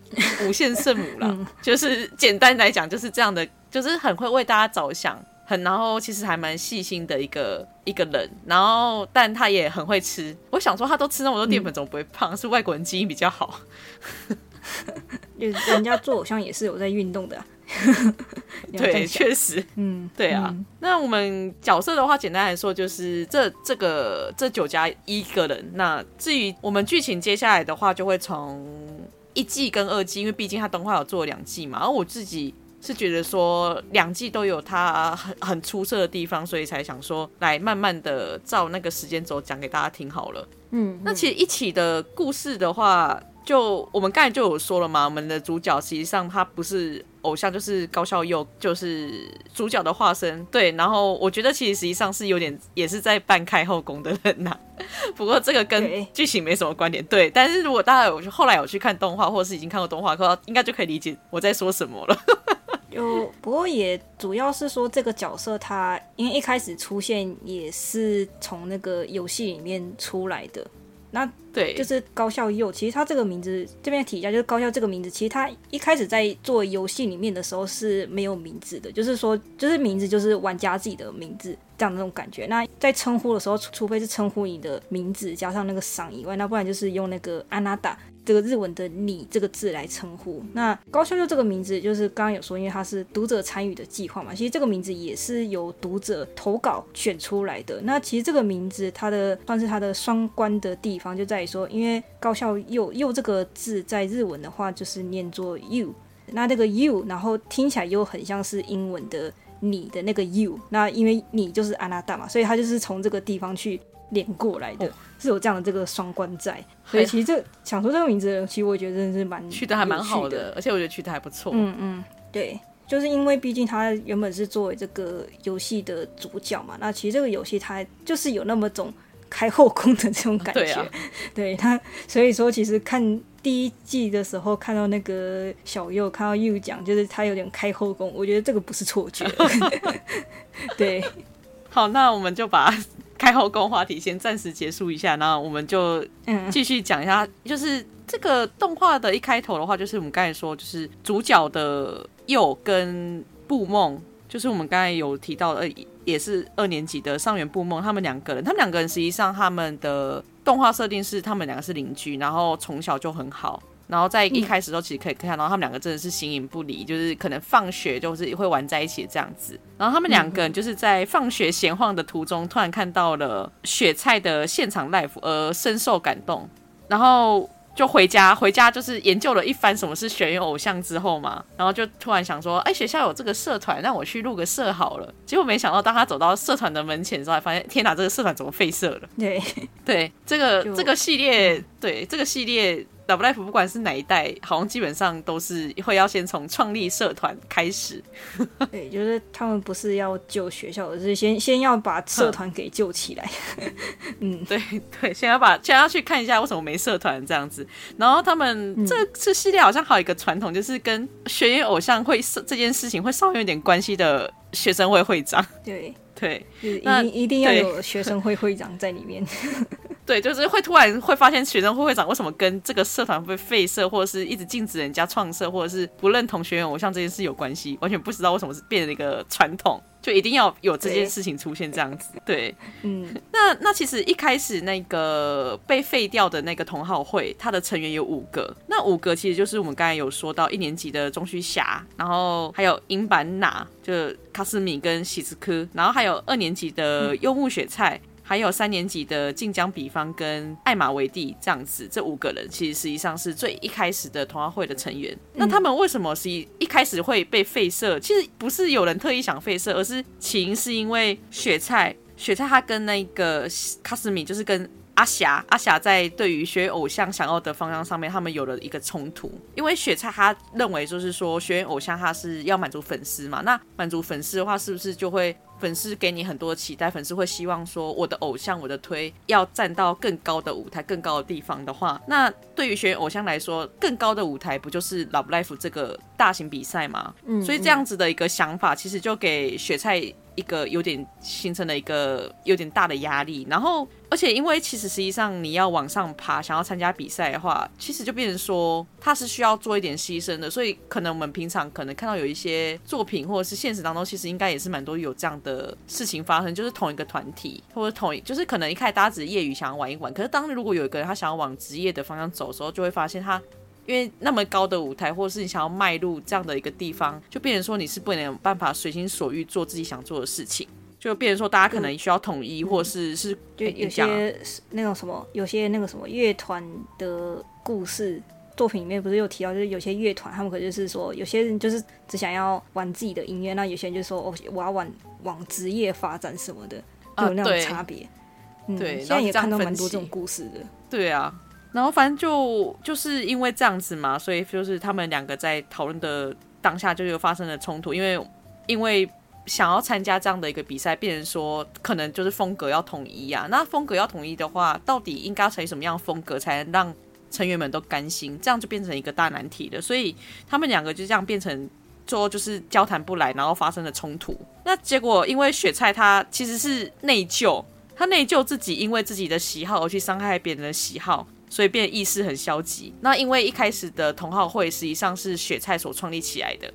無限聖母啦， [LAUGHS] 就是簡單來講就是這樣的，就是很會為大家着想，很然後其實還蠻細心的一個一個人。然後但他也很會吃，我想說他都吃那麼多澱粉，怎麼不會胖？嗯、是，是外國人基因比較好。 [LAUGHS] 就是、人家做偶 [LAUGHS] 像也是有在運動的， [LAUGHS] 對，確實，嗯，對啊、嗯。那我們角色的話，簡單來說就是這這個這九加一個人。那至於我們劇情接下來的話，就會從一季跟二季，因為畢竟他動畫有做兩季嘛。而我自己是覺得說兩季都有他很很出色的地方，所以才想說來慢慢的照那個時間軸講給大家聽好了嗯。嗯，那其實一季的故事的話。就我們剛才就有說了嘛，我們的主角實際上他不是偶像，就是高咲侑，就是主角的化身。對，然後我覺得其實實際上是有點，也是在半開後宮的人吶、啊。不過這個跟劇情沒什麼關聯。對，但是如果大家有後來有去看動畫，或是已經看過動畫的話，應該就可以理解我在說什麼了。有， [LAUGHS] 不過也主要是說這個角色他，因為一開始出現也是從那個遊戲裡面出來的。那對，就是高咲侑，其實他這個名字這邊提一下，就是高咲侑這個名字。其實他一開始在做遊戲裡面的時候是沒有名字的，就是說，就是名字就是玩家自己的名字這樣的那種感覺。那在稱呼的時候，除非是稱呼你的名字加上那個“桑”以外，那不然就是用那個“安娜達”。這個日文的“你”這個字來稱呼。那高咲侑這個名字，就是剛剛有說，因為它是讀者參與的計劃嘛，其實這個名字也是由讀者投稿選出來的。那其實這個名字，它的算是它的雙關的地方，就在於說，因為“高咲侑”，侑這個字在日文的話就是念作 “you”，那這個 “you” 然後聽起來又很像是英文的“你的”那個 “you”。那因為你就是“あなた”嘛，所以他就是從這個地方去。連過來的，哦，是有這樣的這個雙關在，所以其實這想出這個名字，其實我覺得真的是蠻取的還蠻好的，而且我覺得取的還不錯。嗯嗯，對，就是因為畢竟他原本是作為這個遊戲的主角嘛，那其實這個遊戲它就是有那麼種開後宮的這種感覺。對他，啊，所以說其實看第一季的時候，看到那個小侑，看到侑講，就是他有點開後宮，我覺得這個不是錯覺。 [LAUGHS] 對，好，那我們就把。開後宮話題先暫時結束一下，然後我們就繼續講一下、嗯，就是這個動畫的一開頭的話就就的，就是我們剛才說，就是主角的佑跟布夢，就是我們剛才有提到，呃，也是二年級的上原布夢，他們兩個人，他們兩個人實際上他們的動畫設定是他們兩個是鄰居，然後從小就很好。然後在一開始的時候，其實可以看到他們兩個真的是形影不離、嗯，就是可能放學就是會玩在一起這樣子。然後他們兩個人就是在放學閒晃的途中，突然看到了雪菜的現場 live，而、呃、深受感動。然後就回家，回家就是研究了一番什麼是學園偶像之後嘛，然後就突然想說，哎、欸，學校有這個社團，讓我去錄個社好了。結果沒想到，當他走到社團的門前之後，發現天哪、啊，這個社團怎麼廢社了？對對，這個這個系列，對這個系列。嗯 Love Live 不管是哪一代，好像基本上都是會要先從創立社團開始。 [LAUGHS] 對，就是他們不是要救學校，而、就是先先要把社團給救起來。 [LAUGHS] 嗯，對對，先要把先要去看一下為什麼沒社團這樣子。然後他們、嗯、這這系列好像還有一個傳統，就是跟學園偶像會這件事情會稍微有點關係的學生會會長。對對，就是、那一定要有學生會會長在裡面。 [LAUGHS] 對，就是會突然會發現學生會會長為什麼跟這個社團會廢社，或者是一直禁止人家創社，或者是不認同學園偶像這件事有關係，完全不知道為什麼是變成一個傳統，就一定要有這件事情出現這樣子。對，對嗯，那那其實一開始那個被廢掉的那個同好會，它的成員有五個，那五個其實就是我們剛才有說到一年級的中須霞，然後還有櫻坂那，就卡斯米跟喜之科，然後還有二年級的優木雪菜。嗯還有三年級的近江彼方跟艾瑪·維爾德這樣子，這五個人其實實際上是最一開始的同好會的成員。嗯。那他們為什麼是一,一開始會被廢社？其實不是有人特意想廢社，而是起因是因為雪菜。雪菜她跟那個卡斯米，就是跟阿霞，阿霞在對於學園偶像想要的方向上面，他們有了一個衝突。因為雪菜她認為就是說學園偶像他是要滿足粉絲嘛，那滿足粉絲的話是不是就會？粉絲給你很多期待，粉絲會希望說我的偶像，我的推要站到更高的舞台，更高的地方的話，那對於學園偶像來說，更高的舞台不就是《Love Live!》這個大型比賽嗎？嗯嗯，所以這樣子的一個想法，其實就給雪菜。一個有點形成了一個有點大的壓力，然後而且，因為其實實際上你要往上爬，想要參加比賽的話，其實就變成說，他是需要做一點犧牲的，所以可能我們平常可能看到有一些作品或者是現實當中，其實應該也是蠻多有這樣的事情發生，就是同一個團體或者同一，就是可能一開始大家只是業餘想要玩一玩，可是當如果有一個人他想要往職業的方向走的時候，就會發現他。因為那麼高的舞台，或者是你想要邁入這樣的一個地方，就變成說你是不能有辦法隨心所欲做自己想做的事情，就變成說大家可能需要統一，嗯、或是、嗯、是、欸、就有些、啊、那種什麼，有些那個什麼樂團的故事作品裡面不是有提到，就是有些樂團他們可就是說有些人就是只想要玩自己的音樂，那有些人就說哦我要往往職業發展什麼的，就有那種差別、啊。對、嗯、對、然，現在也看到蠻多這種故事的。對啊。然後反正就就是因為這樣子嘛，所以就是他們兩個在討論的當下就又發生了衝突，因為因為想要參加這樣的一個比賽，變成說可能就是風格要統一啊。那風格要統一的話，到底應該採取什麼樣風格才能讓成員們都甘心？這樣就變成一個大難題了。所以他們兩個就這樣變成說就,就是交談不來，然後發生了衝突。那結果因為雪菜她其實是內疚，她內疚自己因為自己的喜好而去傷害別人的喜好。所以變得意識很消極。那因為一開始的同好會實際上是雪菜所創立起來的，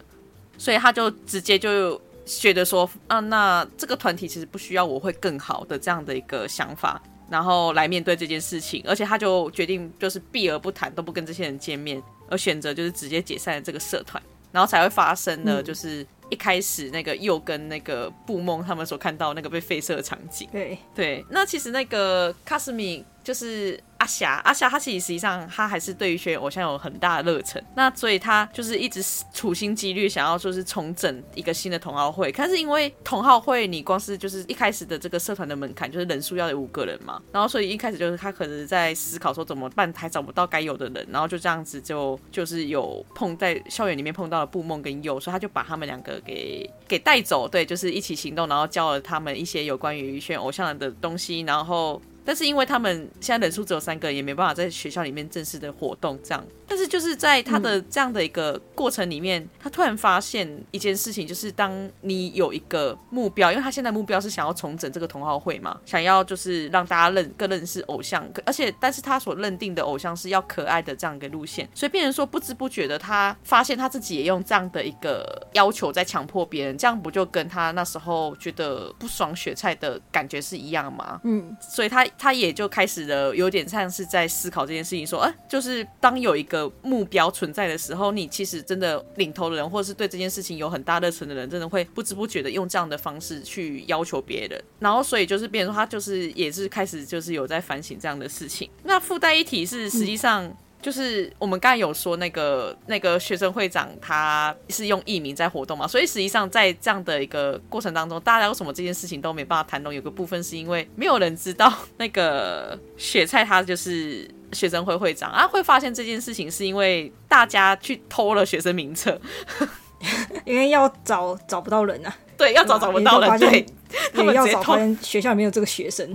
所以他就直接就覺得說，啊，那這個團體其實不需要我會更好的這樣的一個想法，然後來面對這件事情。而且他就決定就是避而不談，都不跟這些人見面，而選擇就是直接解散了這個社團，然後才會發生了、嗯、就是一開始那個又跟那個布夢他們所看到的那個被廢社的場景。對對，那其實那個卡斯米。就是阿霞，阿霞他其實實際上他還是對於學園偶像有很大的熱忱，那所以他就是一直處心積慮想要說是重整一個新的同好會，但是因為同好會你光是就是一開始的這個社團的門檻就是人數要有五個人嘛，然後所以一開始就是他可能在思考說怎麼辦，還找不到該有的人，然後就這樣子就就是有碰在校園裡面碰到了步夢跟侑，所以他就把他們兩個給給帶走，對，就是一起行動，然後教了他們一些有關於學園偶像的東西，然後。但是因為他們現在人數只有三個人，也沒辦法在學校裡面正式的活動這樣。但是就是在他的這樣的一個過程裡面，嗯、他突然發現一件事情，就是當你有一個目標，因為他現在目標是想要重整這個同好會嘛，想要就是讓大家認更認識偶像，而且但是他所認定的偶像是要可愛的這樣一個路線，所以變成說不知不覺的他發現他自己也用這樣的一個要求在強迫別人，這樣不就跟他那時候覺得不爽雪菜的感覺是一樣嗎？嗯，所以他。他也就開始了有點像是在思考這件事情，說，呃、啊，就是當有一個目標存在的時候，你其實真的領頭的人，或是對這件事情有很大熱忱的人，真的會不知不覺的用這樣的方式去要求別人。然後，所以就是變成他就是也是開始就是有在反省這樣的事情。那附帶一提是，實際上。就是我們剛才有說那個那個學生會長，他是用藝名在活動嘛，所以實際上在這樣的一個過程當中，大家為什麼這件事情都沒辦法談攏？有個部分是因為沒有人知道那個雪菜他就是學生會會長啊，會發現這件事情是因為大家去偷了學生名冊，因為要找找不到人啊，對，要找找不到人，對、欸，他們直接偷，要找發現學校也沒有這個學生，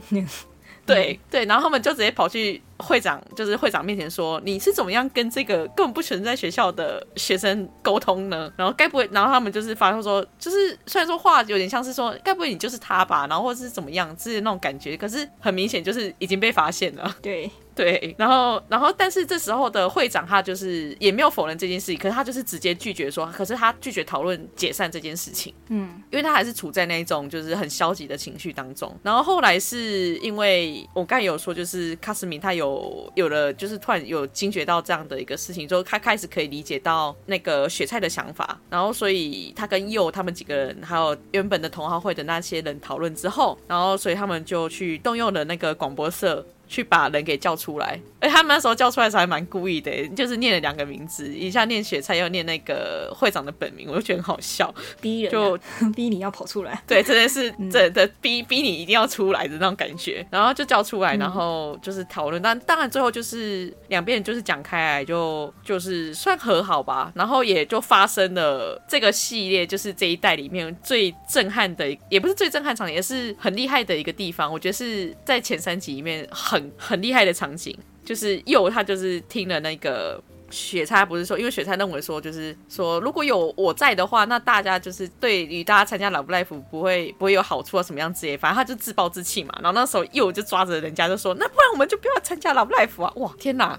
對、嗯、對，然後他們就直接跑去。會長就是會長面前說，你是怎麼樣跟這個根本不存在學校的學生溝通呢？然後該不會，然後他們就是發現說，就是雖然說話有點像是說，該不會你就是他吧？然後或者是怎麼樣，是那種感覺，可是很明顯就是已經被發現了。對。對，然後，然後，但是這時候的會長他就是也沒有否認這件事情，可是他就是直接拒絕說，可是他拒絕討論解散這件事情，嗯，因為他還是處在那種就是很消極的情緒當中。然後後來是因為我剛才有說，就是卡斯明他有有了，就是突然有驚覺到這樣的一個事情之後，就他開始可以理解到那個雪菜的想法，然後所以他跟佑他們幾個人還有原本的同好會的那些人討論之後，然後所以他們就去動用了那個廣播社。去把人給叫出來，哎、欸，他們那時候叫出來的時候還蠻故意的、欸,就是念了兩個名字，一下念雪菜，又念那個會長的本名，我就覺得很好笑，逼人、啊、就逼你要跑出來，對，真的是，真的逼、嗯、逼你一定要出來的那種感覺，然後就叫出來，然後就是討論、嗯，但當然最後就是兩邊就是講開來就，就就是算和好吧，然後也就發生了這個系列就是這一代裡面最震撼的，也不是最震撼場景，也是很厲害的一個地方，我覺得是在前三集裡面很。很厲害的場景，就是又他就是聽了那個。雪菜不是說，因為雪菜認為說，就是說，如果有我在的話，那大家就是對於大家參加老 e life 不會不會有好處啊什麼樣子的，反正他就自暴自棄嘛。然後那時候又我就抓着人家就說，那不然我們就不要參加老 e life 啊！哇，天哪！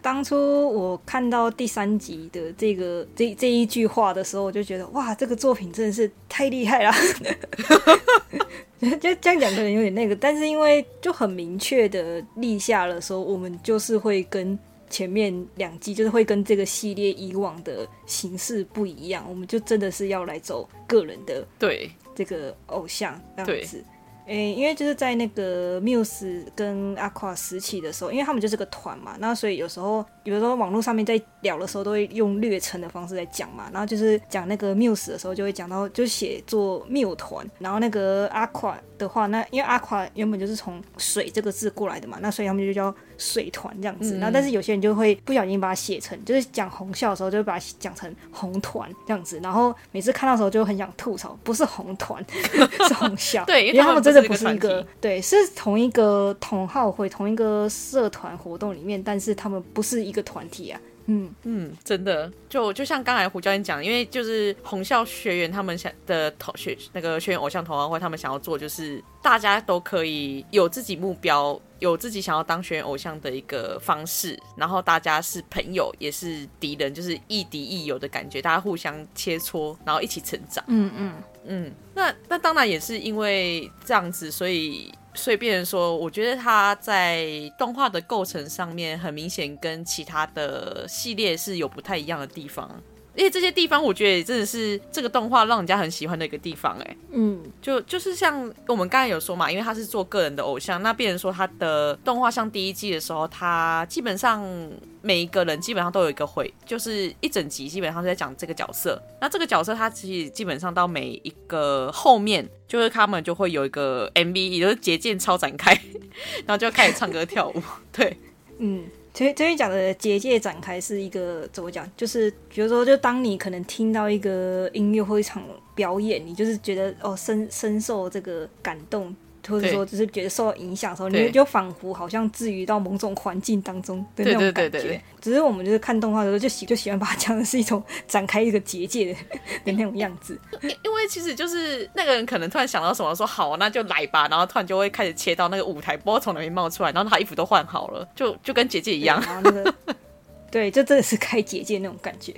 當初我看到第三集的這個這這一句話的時候，我就覺得哇，這個作品真的是太厲害了！ [LAUGHS] 就這樣兩個人有點那個，但是因為就很明確的立下了說，我們就是會跟。前面兩季就是會跟這個系列以往的形式不一樣，我們就真的是要來走個人的對這個偶像對這樣子，哎，因為就是在那個 Muse 跟 Aqua 時期的時候，因為他們就是個團嘛，那所以有時候有的時候網絡上面在聊的時候都會用略稱的方式來講嘛，然後就是講那個 Muse 的時候就會講到就寫作 Muse 團，然後那個 Aqua。的話，那因為阿誇原本就是從“水”這個字過來的嘛，那所以他們就叫“水團”這樣子。嗯、然後，但是有些人就會不小心把它寫成，就是講虹咲的時候，就會把它講成“虹團”這樣子。然後每次看到的時候，就很想吐槽，不是虹團， [LAUGHS] 是虹咲。對，因為他們真的不是一個，對，是同一個同好會、同一個社團活動裡面，但是他們不是一個團體啊。嗯嗯，真的，就就像剛才胡教練講，因為就是虹咲學園他們想的同學那個學園偶像同好會，他們想要做就是大家都可以有自己目標，有自己想要當學園偶像的一個方式，然後大家是朋友也是敵人，就是亦敵亦友的感覺，大家互相切磋，然後一起成長。嗯嗯嗯，那那當然也是因為這樣子，所以。所以變成說，我覺得它在動畫的構成上面很明顯，跟其他的系列是有不太一樣的地方。因為這些地方，我覺得也真的是這個動畫讓人家很喜歡的一個地方。欸，哎，嗯，就就是像我們剛才有說嘛，因為他是做個人的偶像，那變成說，他的動畫像第一季的時候，他基本上每一個人基本上都有一個回，就是一整集基本上是在講這個角色，那這個角色他其實基本上到每一個後面，就是他們就會有一個 MV，也就是結界超展開， [LAUGHS] 然後就開始唱歌 [LAUGHS] 跳舞，對，嗯。這這邊講的結界展開是一個怎麼講？就是比如說，就當你可能聽到一個音樂或一場表演，你就是覺得哦，深深受這個感動。或者說，只是覺得受到影響的時候，你就仿佛好像置於到某種環境當中的那種感覺。對對對對對對，只是我們就是看動畫的時候，就喜就喜歡把它講的是一種展開一個結界的那種樣子，欸欸。因為其實就是那個人可能突然想到什麼，說好那就來吧，然後突然就會開始切到那個舞台，不知道從哪裡冒出來，然後他的衣服都換好了，就就跟姐姐一樣。對、啊，這、那個、 [LAUGHS] 真的是開結界的那種感覺。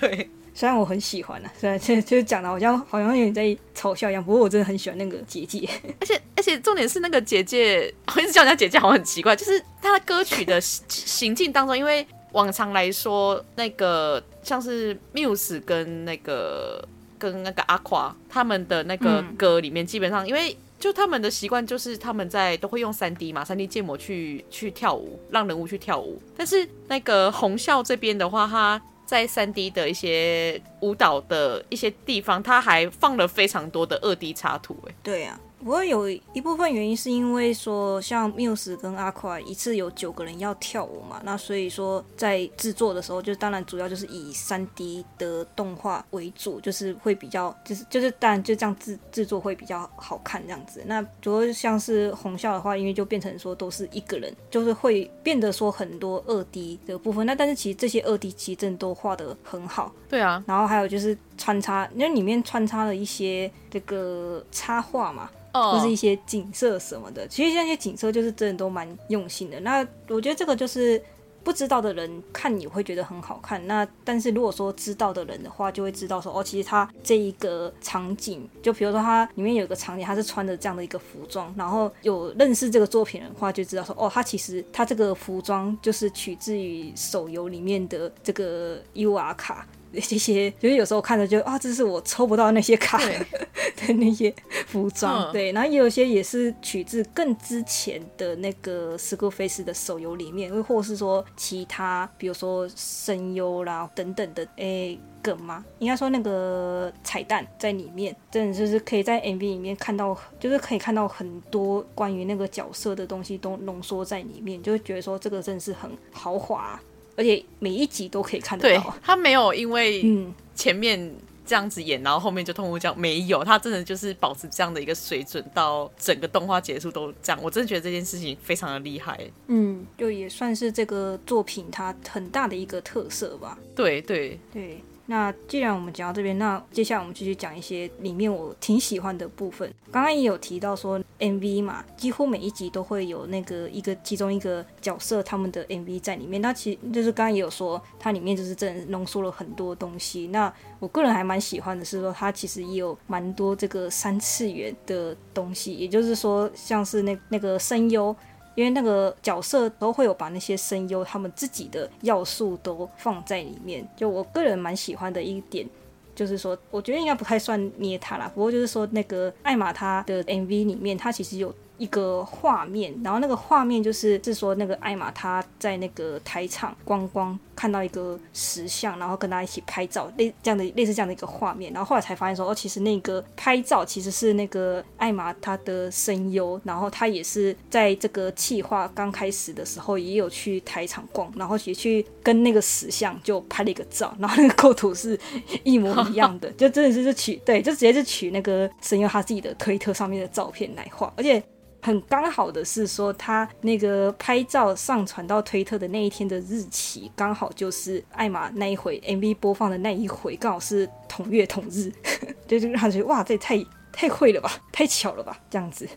對。雖然我很喜歡吶、啊，雖然就就講的好像好像有點在嘲笑一樣，不過我真的很喜歡那個姐姐，而且而且重點是那個姐姐，我一直叫人家姐姐好像很奇怪，就是她的歌曲的行進當中， [LAUGHS] 因為往常來說，那個像是 Muse 跟那個跟那個 Aqours 他們的那個歌裡面，基本上、嗯、因為就他們的習慣就是他們在都會用 3D 嘛，3D 建模去去跳舞，讓人物去跳舞，但是那個虹咲這邊的話，他在三 D 的一些舞蹈的一些地方，它還放了非常多的二 D 插圖，欸，對呀啊。不過有一部分原因是因為說，像 Muse 跟 Aqua 一次有九個人要跳舞嘛，那所以說在制作的時候，就當然主要就是以三 D 的動畫為主，就是會比較就是就是，就是、但就這樣制制作會比較好看這樣子。那主要像是虹咲的話，因為就變成說都是一個人，就是會變得說很多二 D 的部分。那但是其實這些二 D 真的都畫的很好。對啊。然後還有就是。穿插，因為裡面穿插了一些這個插畫嘛，oh. 或者一些景色什麼的。其實這些景色就是真的都蠻用心的。那我覺得這個就是不知道的人看你會覺得很好看。那但是如果說知道的人的話，就會知道說哦，其實他這一個場景，就比如說他裡面有一個場景，他是穿着這樣的一個服裝。然後有認識這個作品的話，就知道說哦，他其實他這個服裝就是取自於手遊裡面的這個 UR 卡。這些就是有時候看着就啊，這是我抽不到那些卡的那些服裝，對，對，然後也有些也是取自更之前的那個《s c o l l Face》的手遊裡面，或或是說其他，比如說聲優啦等等的誒，梗嗎？應該說那個彩蛋在裡面，真的就是可以在 MV 裡面看到，就是可以看到很多關於那個角色的東西都濃縮在裡面，就會覺得說這個真的是很豪華啊。而且每一集都可以看得到，對，他沒有因為前面這樣子演，嗯、然後後面就通過這樣，沒有，他真的就是保持這樣的一個水準，到整個動畫結束都這樣。我真的覺得這件事情非常的厲害，嗯，就也算是這個作品它很大的一個特色吧。對對對。對那既然我們講到這邊，那接下來我們繼續講一些裡面我挺喜歡的部分。剛剛也有提到說 MV 嘛，幾乎每一集都會有那個一個其中一個角色他們的 MV 在裡面。那其實就是剛剛也有說，它裡面就是真的濃縮了很多東西。那我個人還蠻喜歡的是說，它其實也有蠻多這個三次元的東西，也就是說像是那那個聲優。因為那個角色，都會有把那些聲優他們自己的要素都放在裡面，就我個人蠻喜歡的一點，就是說我覺得應該不太算捏他啦，不過就是說那個艾瑪他的 MV 裡面，他其實有一個畫面，然後那個畫面就是是說那個艾瑪他在那個台場觀光光。看到一個石像，然後跟他一起拍照，類這樣的類似這樣的一個畫面，然後後來才發現說，哦，其實那個拍照其實是那個艾瑪她的聲優，然後她也是在這個企劃剛開始的時候也有去台場逛，然後也去跟那個石像就拍了一個照，然後那個構圖是一模一樣的，就真的是就取對，就直接是取那個聲優她自己的推特上面的照片來畫，而且，很剛好的是說，他那個拍照上傳到推特的那一天的日期，剛好就是艾瑪那一回 MV 播放的那一回，剛好是同月同日， [LAUGHS] 就就讓他覺得哇，這也太太會了吧，太巧了吧，這樣子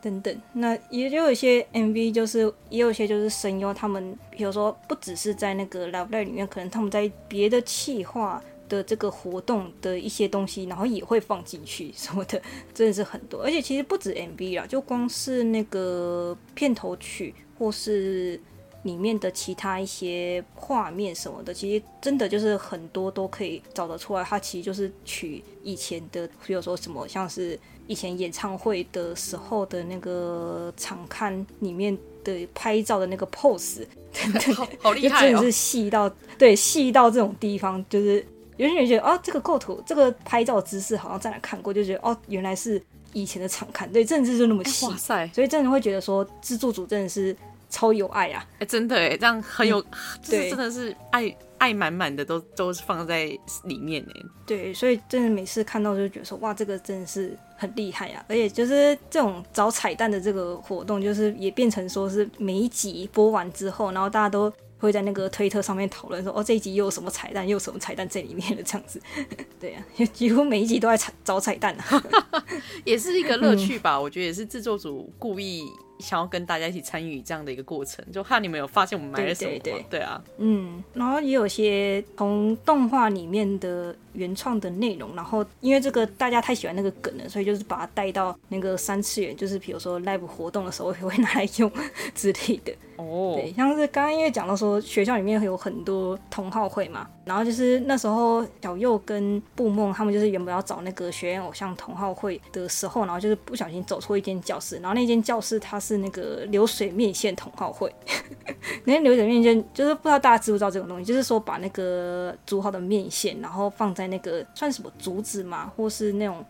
等等。那也就有一些 MV 就是，也有些就是聲優他們，比如說不只是在那個 Love Live 裡面，可能他們在別的企劃。的這個活動的一些東西，然後也會放進去什麼的，真的是很多。而且其實不止 MV 啦，就光是那個片頭曲，或是裡面的其他一些畫面什麼的，其實真的就是很多都可以找得出來。它其實就是取以前的，比如說什麼，像是以前演唱會的時候的那個場刊裡面的拍照的那個 pose，真 [LAUGHS] 的，好厲害喔， [LAUGHS] 真的是細到對，細到這種地方，就是。有些人覺得哦，這個構圖，這個拍照的姿勢好像在哪看過，就覺得哦，原來是以前的常看，對，真的是就那麼細、欸，所以真的會覺得說製作組真的是超有愛啊！哎、欸，真的，哎，這樣很有，對，真的是愛愛滿滿的都，都都是放在裡面呢。對，所以真的每次看到就覺得說哇，這個真的是很厲害呀、啊！而且就是這種找彩蛋的這個活動，就是也變成說是每一集播完之後，然後大家都。會在那個推特上面討論說，哦，這一集又有什麼彩蛋，又有什麼彩蛋在裡面的這樣子，對啊，幾乎每一集都在找彩蛋，啊， [LAUGHS] 也是一個樂趣吧，嗯。我覺得也是制作組故意想要跟大家一起參與這樣的一個過程，就看你們有發現我們埋了什麼。對對對，對啊，嗯，然後也有些從動畫裡面的。原創的內容，然後因為這個大家太喜歡那個梗了，所以就是把它帶到那個三次元，就是比如說 Live 活動的時候也會拿來用之類的。哦、oh.，對，像是剛剛因為講到說學校裡面會有很多同好會嘛，然後就是那時候小佑跟布夢他們就是原本要找那個學園偶像同好會的時候，然後就是不小心走錯一間教室，然後那間教室它是那個流水麵線同好會， [LAUGHS] 那流水麵線就是不知道大家知不知道這種東西，就是說把那個煮好的麵線然後放在那個算什麼竹子嘛，或是那種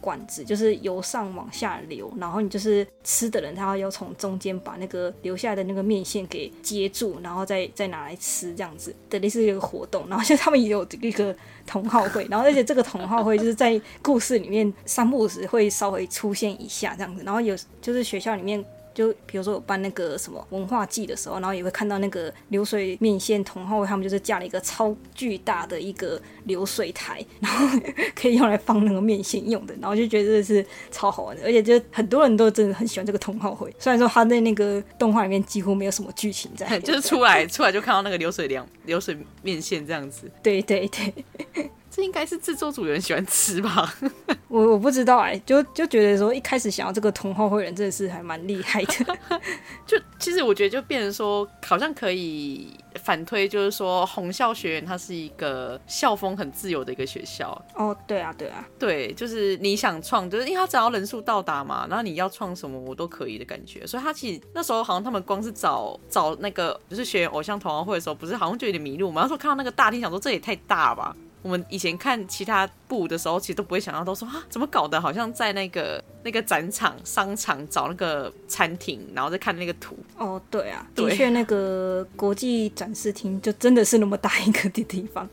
管子，就是由上往下流，然後你就是吃的人，他要從中間把那個留下的那個麵線給接住，然後再再拿來吃這樣子的類似一個活動。然後現在他們也有一個同好會，然後而且這個同好會就是在故事裡面散步時會稍微出現一下這樣子，然後有就是學校裡面。就比如說我辦那個什麼文化祭的時候，然後也會看到那個流水麵線同好會，他們就是架了一個超巨大的一個流水台，然後可以用來放那個麵線用的，然後就覺得是超好玩的，而且就很多人都真的很喜歡這個同好會。雖然說他在那個動畫裡面幾乎沒有什麼劇情在、嗯，就是出來出來就看到那個流水涼、 [LAUGHS] 流水麵線這樣子。對對對。應該是製作組有人喜歡吃吧？ [LAUGHS] 我我不知道哎、欸，就就覺得說一開始想要這個同好會人真的是還蠻厲害的， [LAUGHS] 就其實我覺得就變成說好像可以反推，就是說虹咲學園他是一個校風很自由的一個學校哦，oh, 對啊，對啊，對，就是你想創，就是因為他只要人數到達嘛，然後你要創什麼我都可以的感覺，所以他其實那時候好像他們光是找找那個就是學園偶像同好會的時候，不是好像就有點迷路嘛，然後看到那個大廳，想說這也太大吧。我們以前看其他部的時候，其實都不會想到，都說啊，怎麼搞的？好像在那個那個展場商場找那個餐廳，然後再看那個圖。哦，對啊，對的確，那個國際展示廳就真的是那麼大一個地方，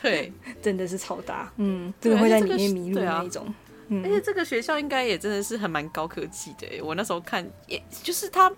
對， [LAUGHS] 真的是超大，嗯，真的會在裡面迷路的那種。而且這個學校應該也真的是還蠻高科技的，我那時候看，也就是它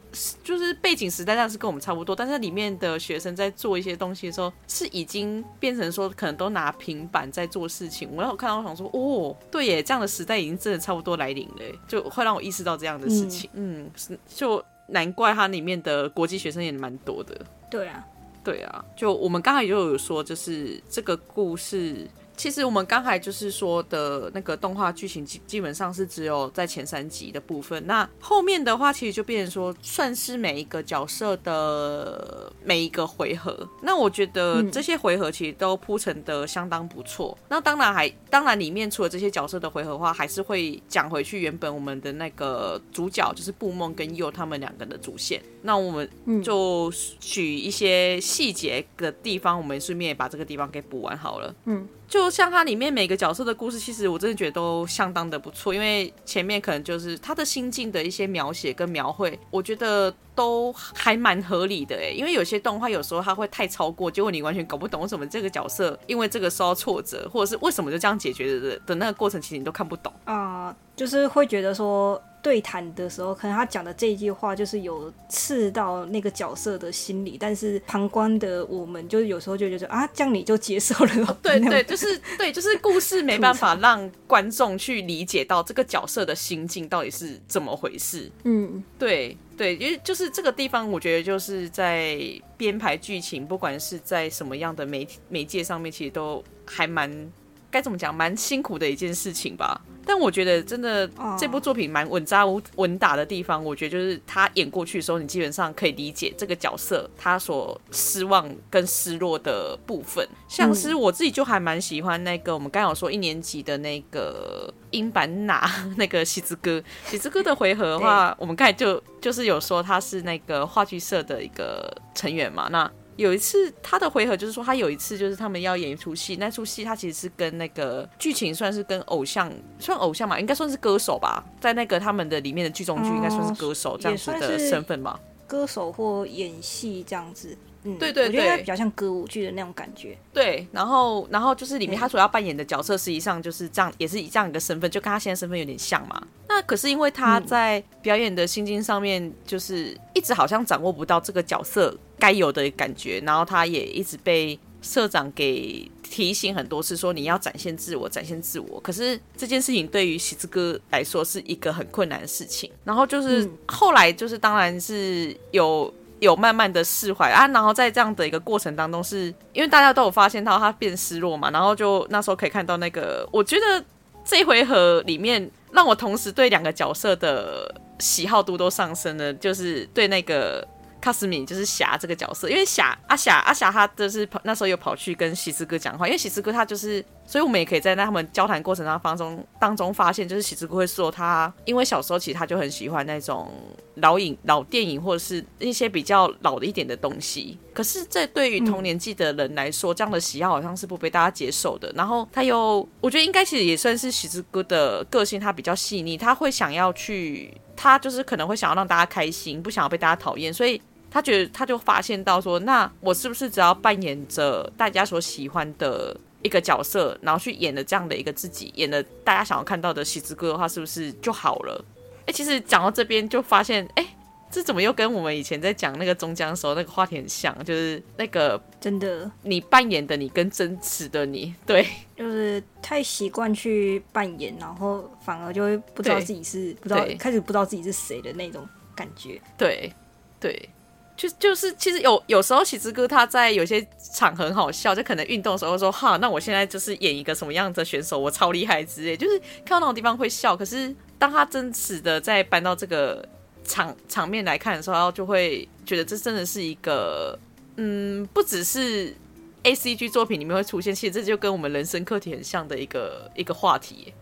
就是背景時代上是跟我們差不多，但是裡面的學生在做一些東西的時候，是已經變成說可能都拿平板在做事情。我那時候看到，我想說，哦，對耶，這樣的時代已經真的差不多來臨了，就會讓我意識到這樣的事情。嗯，是、嗯，就難怪它裡面的國際學生也蠻多的。對啊，對啊，就我們剛才也有說，就是這個故事。其實我們剛才就是說的那個動畫劇情，基基本上是只有在前三集的部分。那後面的話，其實就變成說，算是每一個角色的每一個回合。那我覺得這些回合其實都鋪陳的相當不錯。嗯、那當然還當然裡面除了這些角色的回合的話，還是會講回去原本我們的那個主角就是布夢跟侑他們兩個的主線。那我們就取一些細節的地方，我們順便也把這個地方給補完好了。嗯。嗯就像它裡面每個角色的故事，其實我真的覺得都相當的不錯。因為前面可能就是他的心境的一些描寫跟描繪，我覺得都還蠻合理的哎。因為有些動畫有時候他會太超過，結果你完全搞不懂為什麼這個角色因為這個受到挫折，或者是為什麼就這樣解決的的那個過程，其實你都看不懂啊，呃，就是會覺得說。對談的時候，可能他講的這一句話就是有刺到那個角色的心裡，但是旁觀的我們，就是有時候就覺得啊，這樣你就接受了。對對，就是對，就是故事沒辦法讓觀眾去理解到這個角色的心境到底是怎麼回事。嗯，對對，因為就是這個地方，我覺得就是在編排劇情，不管是在什麼樣的媒體媒介上面，其實都還蠻。該怎麼講，蠻辛苦的一件事情吧。但我覺得，真的、哦、這部作品蠻穩紮穩打的地方，我覺得就是他演過去的時候，你基本上可以理解這個角色他所失望跟失落的部分。像是我自己就還蠻喜歡那個、嗯、我們剛剛有說一年級的那個英版，那那個喜之歌喜之歌的回合的話，我們剛才就就是有說他是那個話劇社的一個成員嘛，那。有一次，他的回合就是說，他有一次就是他們要演一出戲，那出戲他其實是跟那個劇情算是跟偶像算偶像嘛，應該算是歌手吧，在那個他們的裡面的劇中劇應該算是歌手這樣子的身份嘛，嗯、歌手或演戲這樣子，嗯，對對對，我覺得應該比較像歌舞劇的那種感覺。對，然後然後就是裡面他所要扮演的角色實際上就是這樣，嗯、也是以這樣一個身份，就跟他現在身份有點像嘛。那可是因為他在表演的心境上面，就是一直好像掌握不到這個角色。該有的感覺，然後他也一直被社長給提醒很多次說，說你要展現自我，展現自我。可是這件事情對於喜之哥來說是一個很困難的事情。然後就是、嗯、後來就是當然是有有慢慢的釋懷啊。然後在這樣的一個過程當中是，是因為大家都有發現到他變失落嘛。然後就那時候可以看到那個，我覺得這回合裡面讓我同時對兩個角色的喜好度都上升了，就是對那個。卡斯米就是霞這個角色，因為霞阿霞阿霞，她就是跑，那時候又跑去跟喜之哥講話，因為喜之哥他就是，所以我們也可以在那他們交談過程當中當中發現，就是喜之哥會說他因為小時候其實他就很喜歡那種老影老電影或者是一些比較老的一點的東西，可是這對於同年紀的人來說，這樣的喜好好像是不被大家接受的。然後他又我覺得應該其實也算是喜之哥的個性，他比較細膩，他會想要去他就是可能會想要讓大家開心，不想要被大家討厭，所以。他覺得，他就發現到說，那我是不是只要扮演着大家所喜歡的一個角色，然後去演了這樣的一個自己，演了大家想要看到的喜之歌的話，是不是就好了？哎、欸，其實講到這邊就發現，哎、欸，這怎麼又跟我們以前在講那個中江的時候那個話題很像？就是那個真的，你扮演的你跟真實的你，對，就是太習慣去扮演，然後反而就會不知道自己是不知道開始不知道自己是誰的那種感覺。對，對。就就是，其實有有時候喜之哥他在有些場很好笑，就可能運動的時候說哈，那我現在就是演一個什麼樣的選手，我超厲害之類，就是看到那種地方會笑。可是當他真實的在搬到這個場場面來看的時候，就會覺得這真的是一個嗯，不只是 ACG 作品裡面會出現，其實這就跟我們人生課題很像的一個一個話題。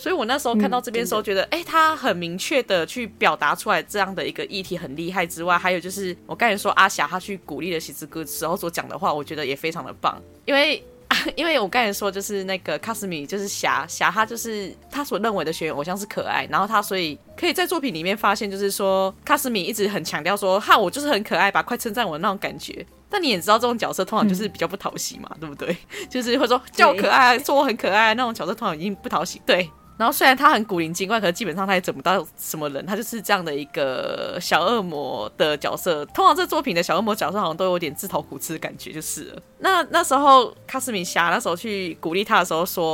所以我那時候看到這邊時候，覺得，哎、嗯欸，他很明確的去表達出來這樣的一個議題很厲害之外，還有就是我剛才說阿霞，他去鼓勵了喜之歌時候所講的話，我覺得也非常的棒，因為、啊、因為我剛才說就是那個卡斯米就是霞霞，她就是他所認為的學園偶像是可愛，然後他所以可以在作品裡面發現，就是說 [LAUGHS] 卡斯米一直很強調說，哈，我就是很可愛吧，快稱讚我那種感覺。但你也知道，這種角色通常就是比較不討喜嘛、嗯，對不對？就是會說叫我可愛、啊，說我很可愛、啊、那種角色，通常已經不討喜，對。然後雖然他很古靈精怪，可是基本上他也整不到什麼人，他就是這樣的一個小惡魔的角色。通常這作品的小惡魔角色好像都有點自討苦吃的感覺，就是了。那那時候卡斯米霞那時候去鼓勵他的時候說：“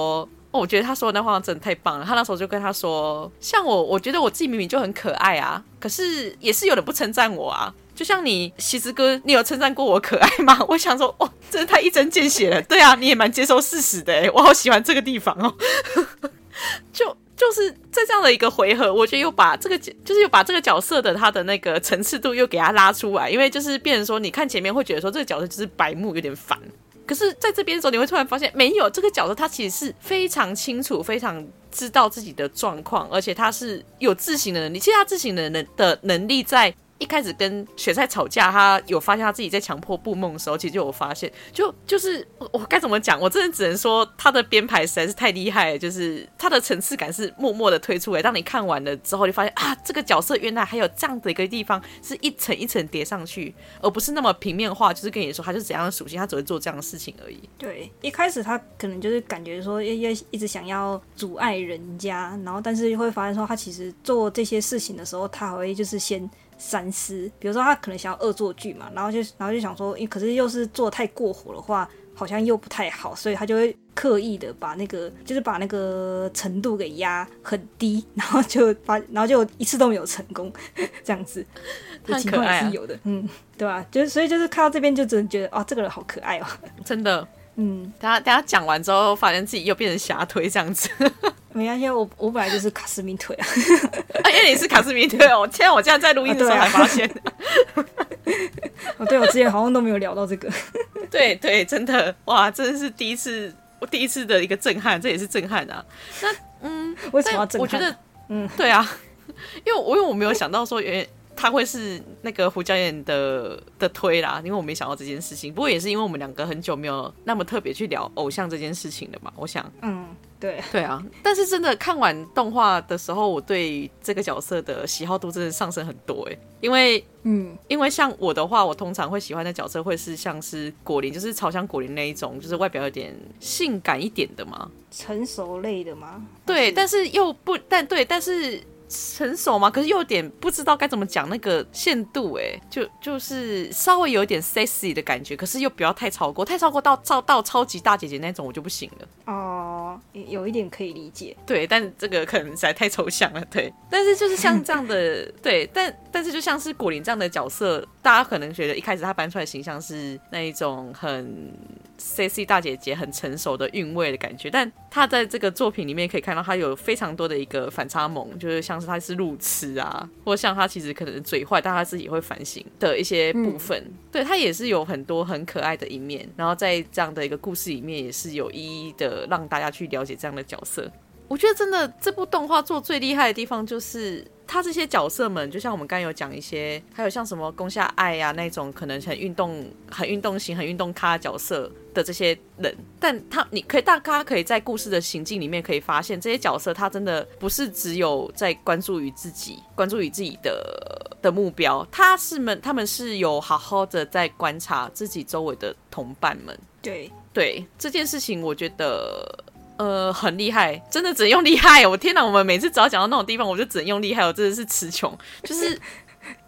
哦，我覺得他說的那話真的太棒了。”他那時候就跟他說：“像我，我覺得我自己明明就很可愛啊，可是也是有人不稱讚我啊。就像你西之哥，你有稱讚過我可愛嗎？”我想說：“哇、哦，真的太一針見血了。 [LAUGHS] ”對啊，你也蠻接受事實的，我好喜歡這個地方哦。 [LAUGHS] 就就是在這樣的一個回合，我覺得又把這個角，就是又把這個角色的他的那個層次度又給他拉出來，因為就是變成說，你看前面會覺得說這個角色就是白目有點煩，可是在這邊的時候，你會突然發現沒有這個角色，他其實是非常清楚、非常知道自己的狀況，而且他是有自省的能力，其實他自省的能的能力在。一開始跟雪菜吵架，他有發現他自己在強迫步夢的時候，其實就有發現，就就是我該怎麼講，我真的只能說他的編排實在是太厲害了，就是他的層次感是默默的推出來，當你看完了之後就發現啊，這個角色原來還有這樣的一個地方，是一層一層疊上去，而不是那麼平面化，就是跟你說他是怎樣的屬性，他只會做這樣的事情而已。對，一開始他可能就是感覺說要一直想要阻礙人家，然後但是又會發現說他其實做這些事情的時候，他會就是先。三思，比如說他可能想要惡作劇嘛，然後就然後就想說，可是又是做太過火的話，好像又不太好，所以他就會刻意的把那個就是把那個程度給壓很低，然後就把然後就一次都沒有成功，這樣子的、啊、情況是有的，嗯，對吧、啊？就是所以就是看到這邊就只能覺得哦、啊，這個人好可愛哦、喔，真的。嗯，等他等他講完之後，發現自己又變成瞎推這樣子。沒關係，我我本來就是卡斯米推啊， [LAUGHS] 啊，因為你是卡斯米推哦、喔。天， [LAUGHS] 現在我竟然在錄音的時候還發現、啊。我對，、啊、 [LAUGHS] [LAUGHS] 對我之前好像都沒有聊到這個。對對，真的，哇，真的是第一次，我第一次的一個震撼，這也是震撼啊。那嗯，為什麼要震撼？我覺得，嗯，對啊，因為我因為我沒有想到說原。他會是那個胡教練的的推啦，因為我沒想到這件事情。不過也是因為我們兩個很久沒有那麼特別去聊偶像這件事情了嘛。我想，嗯，對，對啊。但是真的看完動畫的時候，我對這個角色的喜好度真的上升很多哎。因為，嗯，因為像我的話，我通常會喜歡的角色會是像是果林，就是朝香果林那一種，就是外表有點性感一點的嘛，成熟類的嘛。對，但是又不，但對，但是。成熟嗎？可是又有點不知道該怎麼講那個限度，欸，哎，就就是稍微有點 sexy 的感覺，可是又不要太超過，太超過到到到超級大姐姐那種，我就不行了。哦，有一點可以理解。對，但這個可能實在太抽象了。對，但是就是像這樣的， [LAUGHS] 對，但但是就像是果林這樣的角色，大家可能覺得一開始他搬出來的形象是那一種很。C C 大姐姐，很成熟的韻味的感覺，但她在這個作品裡面可以看到，她有非常多的一個反差萌，就是像是她是路痴啊，或像她其實可能嘴壞，但她自己會反省的一些部分。嗯、對她也是有很多很可愛的一面，然後在這樣的一個故事裡面也是有一一的讓大家去了解這樣的角色。我覺得真的這部動畫做最厲害的地方就是。他這些角色們，就像我們剛剛有講一些，還有像什麼宮下愛呀、啊、那種，可能很運動、很運動型、很運動咖的角色的這些人，但他你可以大家可以在故事的行進裡面可以發現，這些角色他真的不是只有在關注於自己、關注於自己的的目標，他是們他們是有好好的在觀察自己周圍的同伴們。對對，這件事情我覺得。呃，很厲害，真的只能用厲害！我天哪，我們每次只要講到那種地方，我就只能用厲害，我真的是詞窮。就是，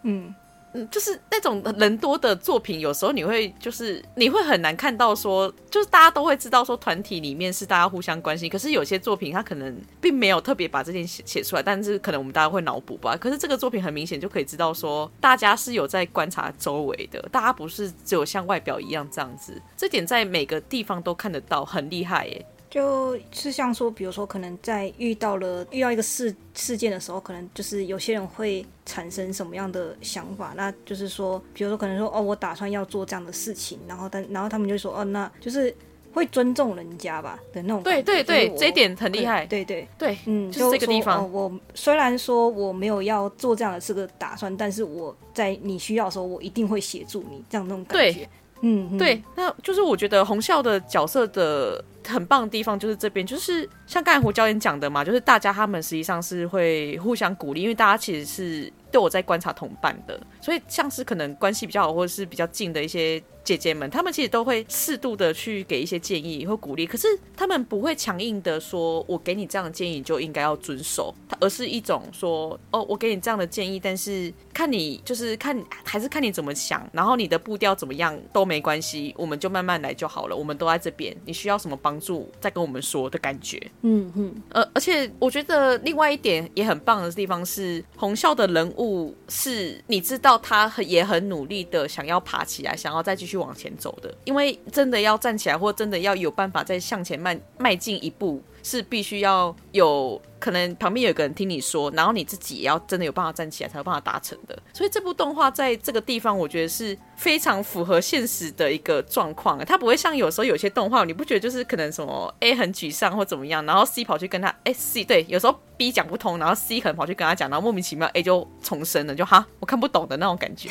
嗯嗯，就是那種人多的作品，有時候你會就是你會很難看到說，就是大家都會知道說，團體裡面是大家互相關心。可是有些作品，他可能並沒有特別把這點寫寫出來，但是可能我們大家會腦補吧。可是這個作品很明顯就可以知道說，大家是有在觀察周圍的，大家不是只有像外表一樣這樣子。這點在每個地方都看得到，很厲害耶！就是像說，比如說，可能在遇到了遇到一個事事件的時候，可能就是有些人會產生什麼樣的想法？那就是說，比如說，可能說，哦，我打算要做這樣的事情，然後但然後他們就說，哦，那就是會尊重人家吧的那種感覺。對對對，這一點很厲害。嗯，對對對，對，嗯，就是這個地方。哦，我雖然說我沒有要做這樣的這個打算，但是我在你需要的時候，我一定會協助你這樣那種感覺。對，嗯，對，那就是我覺得虹咲的角色的很棒的地方就是這邊，就是像剛才胡教練講的嘛，就是大家他們實際上是會互相鼓勵，因為大家其實是都有在觀察同伴的，所以像是可能關係比較好或者是比較近的一些姐姐們，她們其實都會適度的去給一些建議或鼓勵，可是她們不會強硬的說“我給你這樣的建議你就應該要遵守”，而是一種說“哦，我給你這樣的建議，但是看你就是看還是看你怎麼想，然後你的步調怎麼樣都沒關係，我們就慢慢來就好了，我們都在這邊，你需要什麼幫幫助在跟我們說的感覺，嗯嗯、呃。而且我覺得另外一點也很棒的地方是，虹咲的人物是，你知道他也很努力的想要爬起來，想要再繼續往前走的，因為真的要站起來，或真的要有辦法再向前邁邁進一步。是必須要有可能旁邊有個人聽你說，然後你自己也要真的有辦法站起來，才有辦法達成的。所以這部動畫在這個地方，我覺得是非常符合現實的一個狀況。它不會像有時候有些動畫，你不覺得就是可能什麼 A 很沮喪或怎麼樣，然後 C 跑去跟他，哎、欸、C 對，有時候 B 講不通，然後 C 很跑去跟他講，然後莫名其妙 A 就重生了，就哈我看不懂的那種感覺。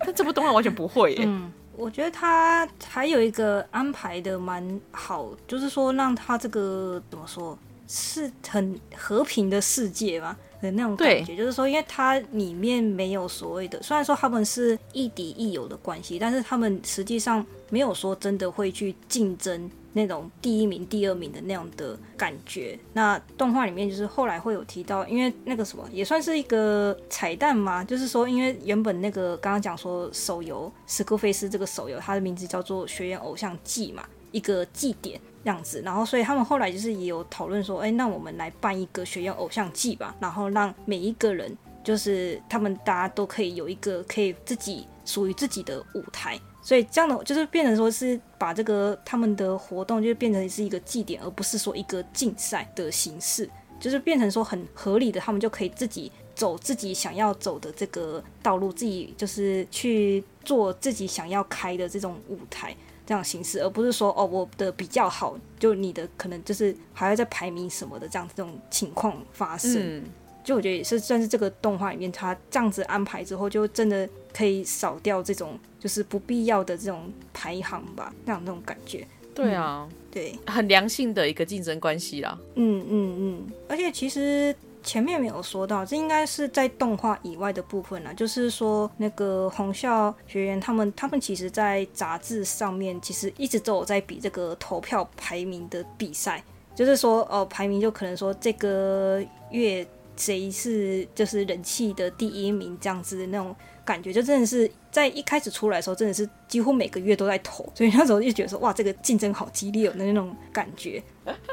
但這部動畫完全不會耶、欸。 [LAUGHS] 嗯我覺得他還有一個安排的蠻好，就是說，讓他這個怎麼說是很和平的世界吧的那種感覺，對，就是說，因為它裡面沒有所謂的，雖然說他們是亦敵亦友的關係，但是他們實際上沒有說真的會去競爭那種第一名、第二名的那樣的感覺。那動畫裡面就是後來會有提到，因為那個什麼也算是一個彩蛋嘛，就是說，因為原本那個剛剛講說手遊《史克菲斯》這個手遊，它的名字叫做《學園偶像祭》嘛，一個祭典。這樣子，然後所以他們後來就是也有討論說，哎、欸，那我們來辦一個學園偶像祭吧，然後讓每一個人就是他們大家都可以有一個可以自己屬於自己的舞台。所以這樣的就是變成說是把這個他們的活動就變成是一個祭典，而不是說一個競賽的形式，就是變成說很合理的，他們就可以自己走自己想要走的這個道路，自己就是去做自己想要開的這種舞台。這樣形式，而不是說哦，我的比較好，就你的可能就是還會在排名什麼的這樣這種情況發生，嗯，就我覺得也是算是這個動畫裡面它這樣子安排之後，就真的可以少掉這種就是不必要的這種排行吧，這樣那種感覺。對啊，嗯，對，很良性的一個競爭關係啦。嗯嗯嗯，而且其實。前面沒有說到，這應該是在動畫以外的部分啦。就是說，那個虹咲學園他們，他們其實在雜誌上面，其實一直都有在比這個投票排名的比賽。就是說，哦，排名就可能說這個月誰是就是人氣的第一名這樣子的那種感覺，就真的是。在一開始出來的時候，真的是幾乎每個月都在投，所以那時候就覺得說，哇，這個競爭好激烈的那種感覺，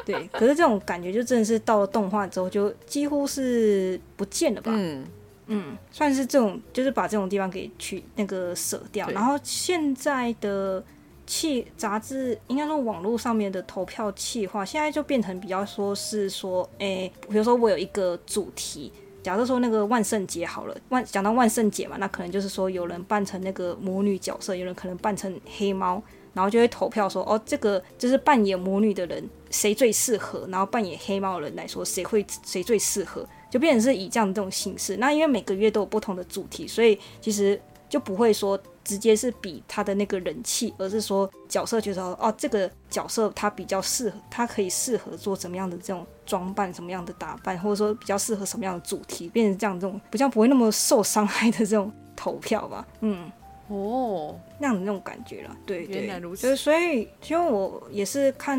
對。可是這種感覺就真的是到了動畫之後，就幾乎是不見了吧？嗯嗯，算是這種，就是把這種地方給去那個捨掉。然後現在的氣雜誌，應該說網絡上面的投票企劃，現在就變成比較說是說，誒、欸，比如說我有一個主題。假設說那個萬聖節好了，萬講到萬聖節嘛，那可能就是說有人扮成那個魔女角色，有人可能扮成黑貓，然後就會投票說，哦，這個就是扮演魔女的人誰最適合，然後扮演黑貓的人來說誰會誰最適合，就變成是以這樣的這種形式。那因為每個月都有不同的主題，所以其實就不會說。直接是比他的那個人氣，而是說角色覺得說，哦，這個角色他比較適合，他可以適合做什麼樣的這種裝扮，什麼樣的打扮，或者說比較適合什麼樣的主題，變成這樣這種比較不會那麼受傷害的這種投票吧，嗯。哦，那樣的那種感覺了，對，對，對，對。就所以，其實我也是看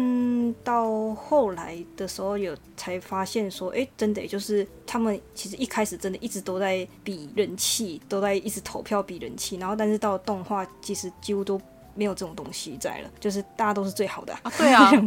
到後來的時候，有才發現說，哎、欸，真的、欸、就是他們其實一開始真的一直都在比人氣，都在一直投票比人氣，然後但是到動畫其實幾乎都沒有這種東西在了，就是大家都是最好的啊，啊對啊。 [LAUGHS]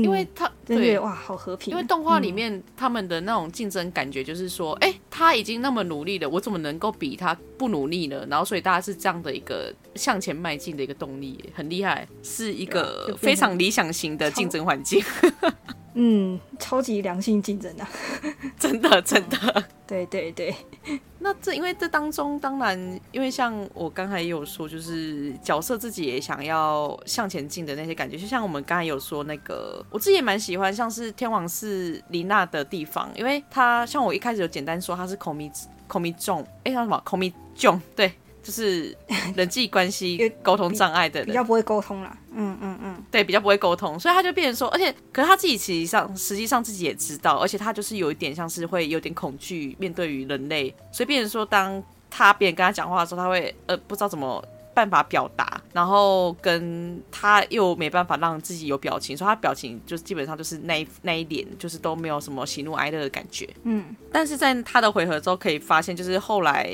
因為他對，哇，好和平。因為動畫裡面他們的那種競爭感覺，就是說，誒，他已經那麼努力了，我怎麼能夠比他不努力呢？然後，所以大家是這樣的一個向前邁進的一個動力，很厲害，是一個非常理想型的競爭環境。 [LAUGHS] 嗯，超級良性競爭的, [LAUGHS] 真的，真的真的、嗯，對對對。那這因為這當中，當然因為像我剛才也有說，就是角色自己也想要向前進的那些感覺，就像我們剛才有說那個，我自己也蠻喜歡像是天王寺璃奈的地方，因為他像我一開始有簡單說他是口迷口迷眾，哎叫什麼口迷眾，comiz, 對。就是人際關係、溝通障礙的人比較不會溝通啦。嗯嗯嗯，對，比較不會溝通，所以他就變成說，而且，可是他自己其實上，實際上自己也知道，而且他就是有一點像是會有點恐懼面對於人類，所以變成說，當他別人跟他講話的時候，他會呃不知道怎麼。辦法表達，然後跟他又沒辦法讓自己有表情，所以他表情就是基本上就是那一那一臉，就是都沒有什麼喜怒哀樂的感覺。嗯，但是在他的回合之後可以發現，就是後來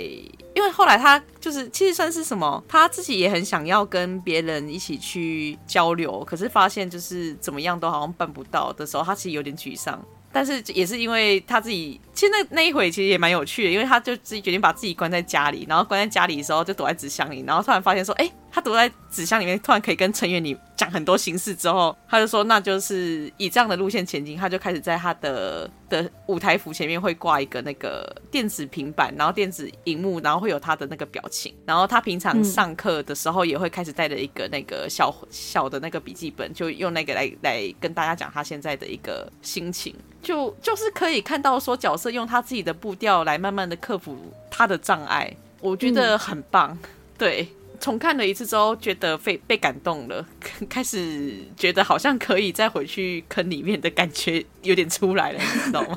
因為後來他就是其實算是什麼，他自己也很想要跟別人一起去交流，可是發現就是怎麼樣都好像辦不到的時候，他其實有點沮喪。但是也是因為他自己，其實那那一回其實也蠻有趣的，因為他就自己決定把自己關在家裡，然後關在家裡的時候就躲在紙箱裡，然後突然發現說，哎、欸。他躲在紙箱裡面，突然可以跟成員你講很多形式之後，他就說：“那就是以這樣的路線前進。”他就開始在他的的舞台服前面會掛一個那個電子平板，然後電子熒幕，然後會有他的那個表情。然後他平常上課的時候也會開始帶着一個那個小小的那個筆記本，就用那個來來跟大家講他現在的一個心情。就就是可以看到說，角色用他自己的步調來慢慢的克服他的障礙，我覺得很棒。嗯、對。重看了一次之後，覺得被被感動了，開始覺得好像可以再回去坑裡面的感覺有點出來了，你知道嗎？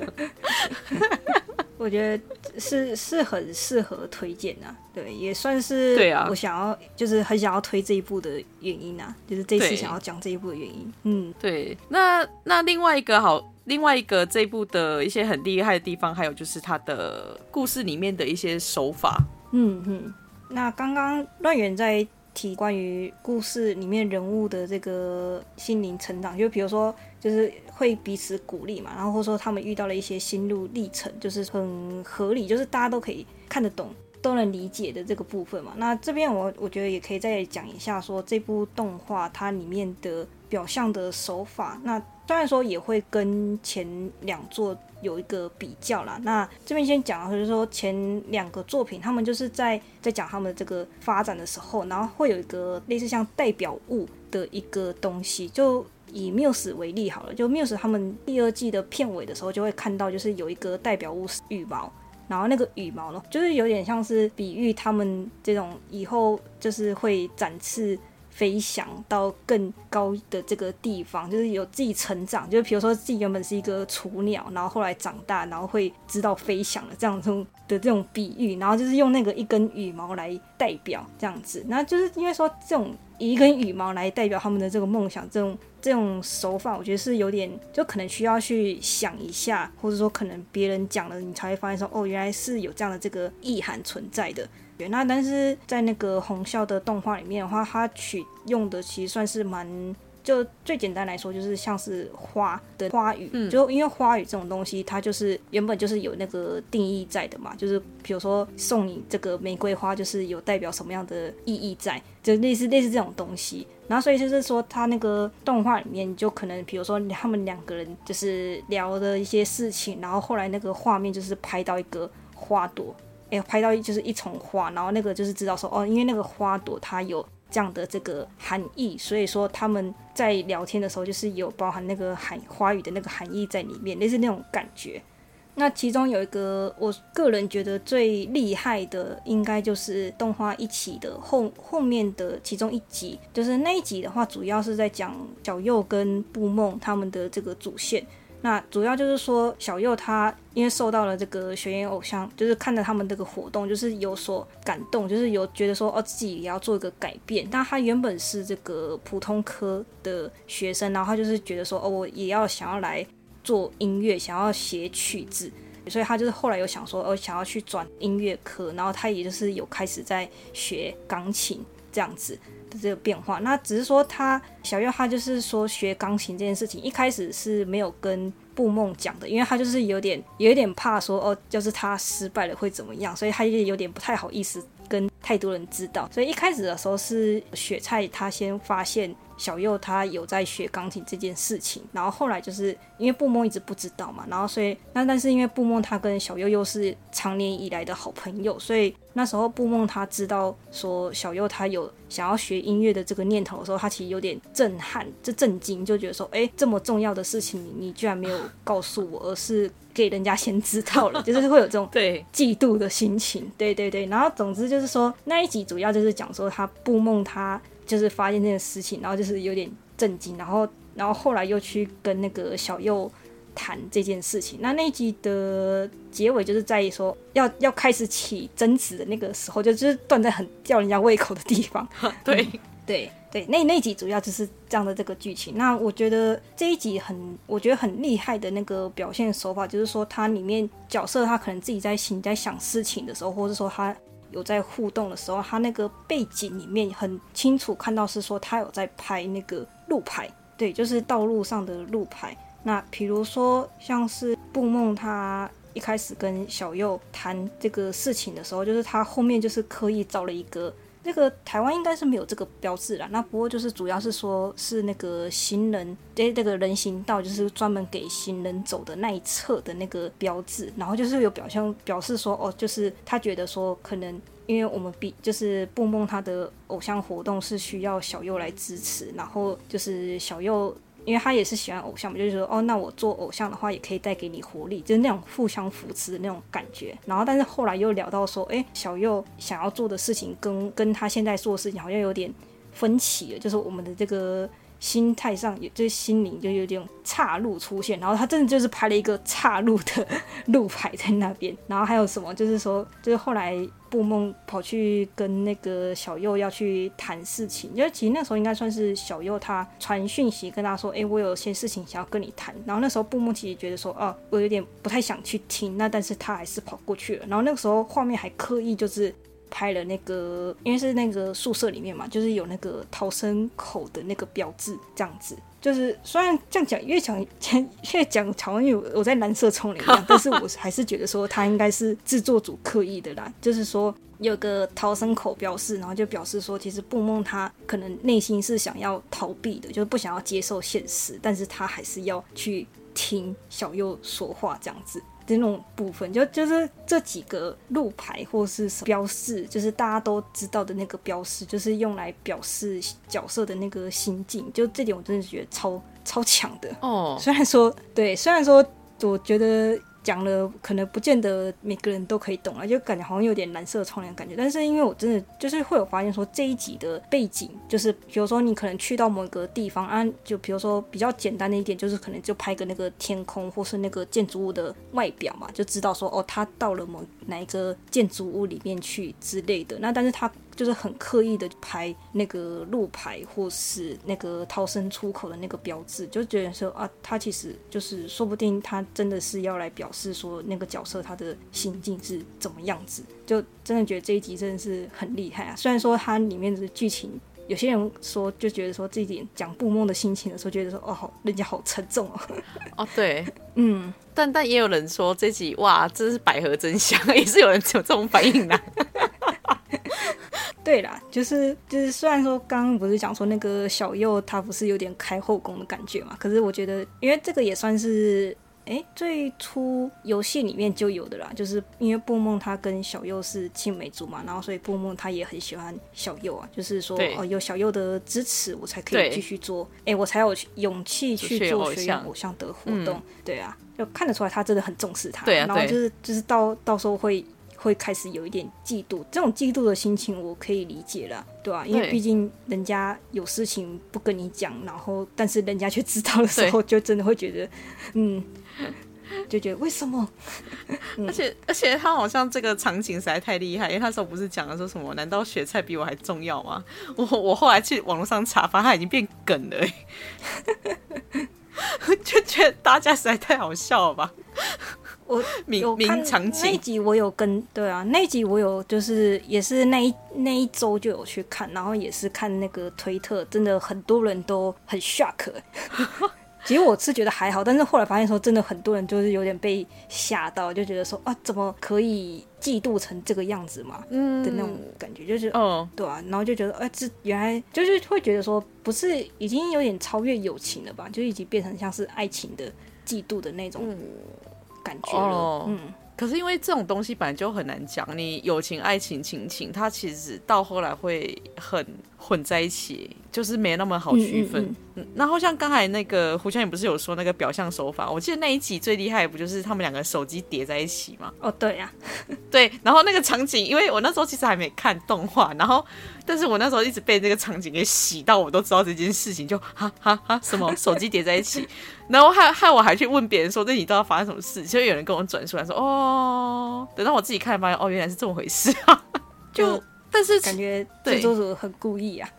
[LAUGHS] 我覺得是是很適合推薦啊，對，也算是對啊。我想要就是很想要推這一部的原因啊，就是這一次想要講這一部的原因。嗯，對。那那另外一個好，另外一個這一部的一些很厲害的地方，還有就是他的故事裡面的一些手法。嗯嗯。那剛剛亂遠在提關於故事裡面人物的這個心靈成長，就比如說就是會彼此鼓勵嘛，然後或者說他們遇到了一些心路歷程，就是很合理，就是大家都可以看得懂，都能理解的這個部分嘛。那這邊我我覺得也可以再講一下說，說這部動畫它裡面的表象的手法，那。雖然說也會跟前兩作有一個比較啦，那這邊先講，就是說前兩個作品，他們就是在在講他們這個發展的時候，然後會有一個類似像代表物的一個東西，就以繆斯為例好了，就繆斯他們第二季的片尾的時候就會看到，就是有一個代表物是羽毛，然後那個羽毛呢，就是有點像是比喻他們這種以後就是會展翅。飛翔到更高的這個地方，就是有自己成長，就是比如說自己原本是一個雛鳥，然後後來長大，然後會知道飛翔的這樣子的這種比喻，然後就是用那個一根羽毛來代表這樣子，那就是因為說這種以一根羽毛來代表他們的這個夢想，這種這種手法，我覺得是有點就可能需要去想一下，或者說可能別人講了你才會發現說哦，原來是有這樣的這個意涵存在的。那但是在那個虹咲的動畫裡面的話，它取用的其實算是蠻就最簡單來說，就是像是花的花語、嗯，就因為花語這種東西，它就是原本就是有那個定義在的嘛，就是比如說送你這個玫瑰花，就是有代表什麼樣的意義在，就類似類似這種東西。然後所以就是說，它那個動畫裡面就可能比如說他們兩個人就是聊的一些事情，然後後來那個畫面就是拍到一個花朵。誒、欸，拍到就是一叢花，然後那個就是知道說，哦，因為那個花朵它有這樣的這個含義，所以說他們在聊天的時候就是有包含那個含花語的那個含義在裡面，類似那種感覺。那其中有一個我個人覺得最厲害的，應該就是動畫一起的後後面的其中一集，就是那一集的話，主要是在講小侑跟步夢他們的這個主線。那主要就是說，小佑他因為受到了這個學園偶像，就是看着他們這個活動，就是有所感動，就是有覺得說哦，自己也要做一個改變。但他原本是這個普通科的學生，然後他就是覺得說哦，我也要想要來做音樂，想要寫曲子，所以他就是後來有想說哦，想要去轉音樂科，然後他也就是有開始在學鋼琴。這樣子的這個變化，那只是說他小侑，他就是說學鋼琴這件事情，一開始是沒有跟步夢講的，因為他就是有點有點怕說哦，就是他失敗了會怎麼樣，所以他有點不太好意思跟太多人知道，所以一開始的時候是雪菜他先發現。小侑他有在學鋼琴這件事情，然後後來就是因為步夢一直不知道嘛，然後所以那，但是因為步夢他跟小侑又是常年以來的好朋友，所以那時候步夢他知道說小侑他有想要學音樂的這個念頭的時候，他其實有點震撼，就震驚就覺得說，哎，這麼重要的事情你你居然沒有告訴我，而是給人家先知道了，就是會有這種對嫉妒的心情，對對對。然後總之就是說那一集主要就是講說他步夢他。就是發現這件事情，然後就是有點震驚，然後，然後後來又去跟那個小佑談這件事情。那那一集的結尾就是在於說要要開始起爭執的那個時候，就就是斷在很吊人家胃口的地方。啊，對對對，那那集主要就是這樣的這個劇情。那我覺得這一集很，我覺得很厲害的那個表現手法，就是說他裡面角色他可能自己在心在想事情的時候，或者說他。有在互動的時候，他那個背景裡面很清楚看到是說他有在拍那個路牌，對，就是道路上的路牌。那比如說像是步夢，他一開始跟小侑談這個事情的時候，就是他後面就是刻意找了一個。那個台灣應該是沒有這個標志啦，那不過就是主要是說，是那個行人，對、欸，那個人行道就是專門給行人走的那一側的那個標誌，然後就是有表象表示說，哦，就是他覺得說，可能因為我們比就是步夢他的偶像活動是需要小侑來支持，然後就是小侑。因為他也是喜歡偶像嘛，就是說，哦，那我做偶像的話也可以帶給你活力，就是那種互相扶持的那種感覺。然後，但是後來又聊到說，哎，小侑想要做的事情跟跟他現在做的事情好像有點分歧了，就是我們的這個。心態上，也就是心靈，就有點岔路出現。然後他真的就是拍了一個岔路的路牌在那邊。然後還有什麼，就是說，就是後來步夢跑去跟那個小佑要去談事情，因為其實那時候應該算是小佑他傳訊息跟他說，哎，我有些事情想要跟你談。然後那時候步夢其實覺得說，哦，我有點不太想去聽。那但是他還是跑過去了。然後那個時候畫面還刻意就是。拍了那個，因為是那個宿舍裡面嘛，就是有那個逃生口的那個標誌，這樣子。就是雖然這樣講，越講越講巧，因為我在藍色窗簾一樣， [LAUGHS] 但是我還是覺得說他應該是製作組刻意的啦，就是說有個逃生口標誌，然後就表示說，其實步夢他可能內心是想要逃避的，就是不想要接受現實，但是他還是要去聽小侑說話這樣子。那種部分就就是這幾個路牌或是標示，就是大家都知道的那個標示，就是用來表示角色的那個心境。就這點，我真的覺得超超強的哦。Oh. 雖然說，對，雖然說，我覺得。講了，可能不見得每個人都可以懂啊，就感覺好像有點藍色窗簾感覺。但是因為我真的就是會有發現說，這一集的背景就是，比如說你可能去到某個地方啊，就比如說比較簡單的一點，就是可能就拍個那個天空或是那個建築物的外表嘛，就知道說哦，他到了某哪一個建築物裡面去之類的。那但是他，就是很刻意的拍那個路牌，或是那個逃生出口的那個標誌，就覺得說啊，他其實就是說不定他真的是要來表示說那個角色他的心境是怎麼樣子，就真的覺得這一集真的是很厲害啊！雖然說它裡面的劇情，有些人說就覺得說這一集講步夢的心情的時候，覺得說哦，人家好沉重哦，哦對，嗯，但但也有人說這一集哇，這是百合真香，也是有人有這種反應的、啊。 [LAUGHS] 對啦，就是就是，雖然說剛剛不是講說那個小佑他不是有點開後宮的感覺嘛，可是我覺得，因為這個也算是，哎、欸，最初遊戲裡面就有的啦，就是因為布夢他跟小佑是青梅竹馬，然後所以布夢他也很喜歡小佑啊，就是說，哦，有小佑的支持，我才可以繼續做，哎、欸，我才有勇氣去做學園偶像、嗯、的活動，對啊，就看得出來他真的很重視他，對啊、然後就是就是到到時候會。會開始有一點嫉妒，這種嫉妒的心情我可以理解了，對吧、啊？因為畢竟人家有事情不跟你講，然後但是人家卻知道的時候，就真的會覺得對，嗯，就覺得為什麼？而且、嗯、而且他好像這個場景實在太厲害，因為那時候不是講了說什麼？難道雪菜比我還重要嗎？我我後來去網絡上查發，發現他已經變梗了， [LAUGHS] 就覺得大家實在太好笑了吧。我有看那集，我有跟對啊，那集我有就是也是那一那一週就有去看，然後也是看那個推特，真的很多人都很 shock。 [LAUGHS] 其實我是覺得還好，但是後來發現說，真的很多人就是有點被嚇到，就覺得說啊，怎麼可以嫉妒成這個樣子嘛？嗯的那種感覺，就是哦，對啊，然後就覺得哎、啊，這原來就是會覺得說，不是已經有點超越友情了吧？就已經變成像是愛情的嫉妒的那種。嗯感覺了，oh, 嗯，可是因為這種東西本來就很難講，你友情、愛情、親情，情，它其實到後來會很。混在一起，就是沒那麼好區分，嗯嗯嗯。然後像剛才那個胡湘也不是有說那個表象手法？我記得那一集最厲害的不就是他們兩個手機疊在一起嗎？哦，對呀，啊，對。然後那個場景，因為我那時候其實還沒看動畫，然後但是我那時候一直被那個場景給洗到，我都知道這件事情，就哈哈哈什麼手機疊在一起， [LAUGHS] 然後害害我還去問別人說，這集到底發生什麼事？其實有人跟我轉述來說，哦，等到我自己看發現，哦，原來是這麼回事啊，就。 [LAUGHS] 但是感覺對，很故意啊！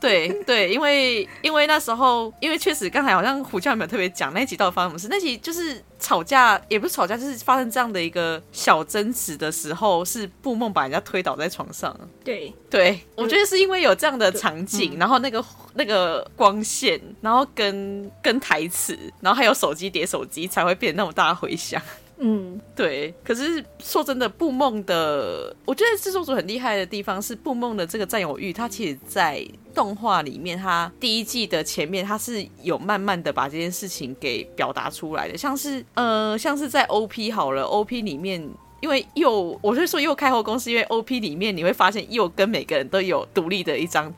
對 [LAUGHS] 對，對，因為因為那時候，因為確實剛才好像胡教沒有特別講那一集到底發生什麼事。那集就是吵架，也不是吵架，就是發生這樣的一個小爭執的時候，是步夢把人家推倒在床上。對對，我覺得是因為有這樣的場景，然後那個那個光線，然後跟跟台詞，然後還有手機疊手機，才會變那麼大的回響。嗯，對。可是說真的，步夢的，我覺得製作組很厲害的地方是步夢的這個占有欲。它其實在動畫裡面，它第一季的前面，它是有慢慢的把這件事情給表達出來的，像是呃，像是在 OP 好了，OP 裡面，因為侑我是說又開後宮，因為 OP 裡面你會發現侑跟每個人都有獨立的一張，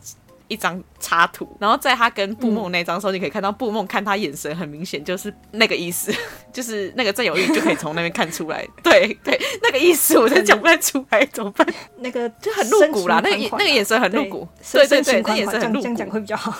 一張插圖，然後在他跟布夢那張時候、嗯，你可以看到布夢看他眼神，很明顯就是那個意思，就是那個佔有欲就可以從那邊看出來。 [LAUGHS] 對對，那個意思，我就講不太出來怎麼辦？那個就很露骨啦，那個、眼、那個眼神很露骨。對對，對對，他眼神很露骨，這樣講會比較好。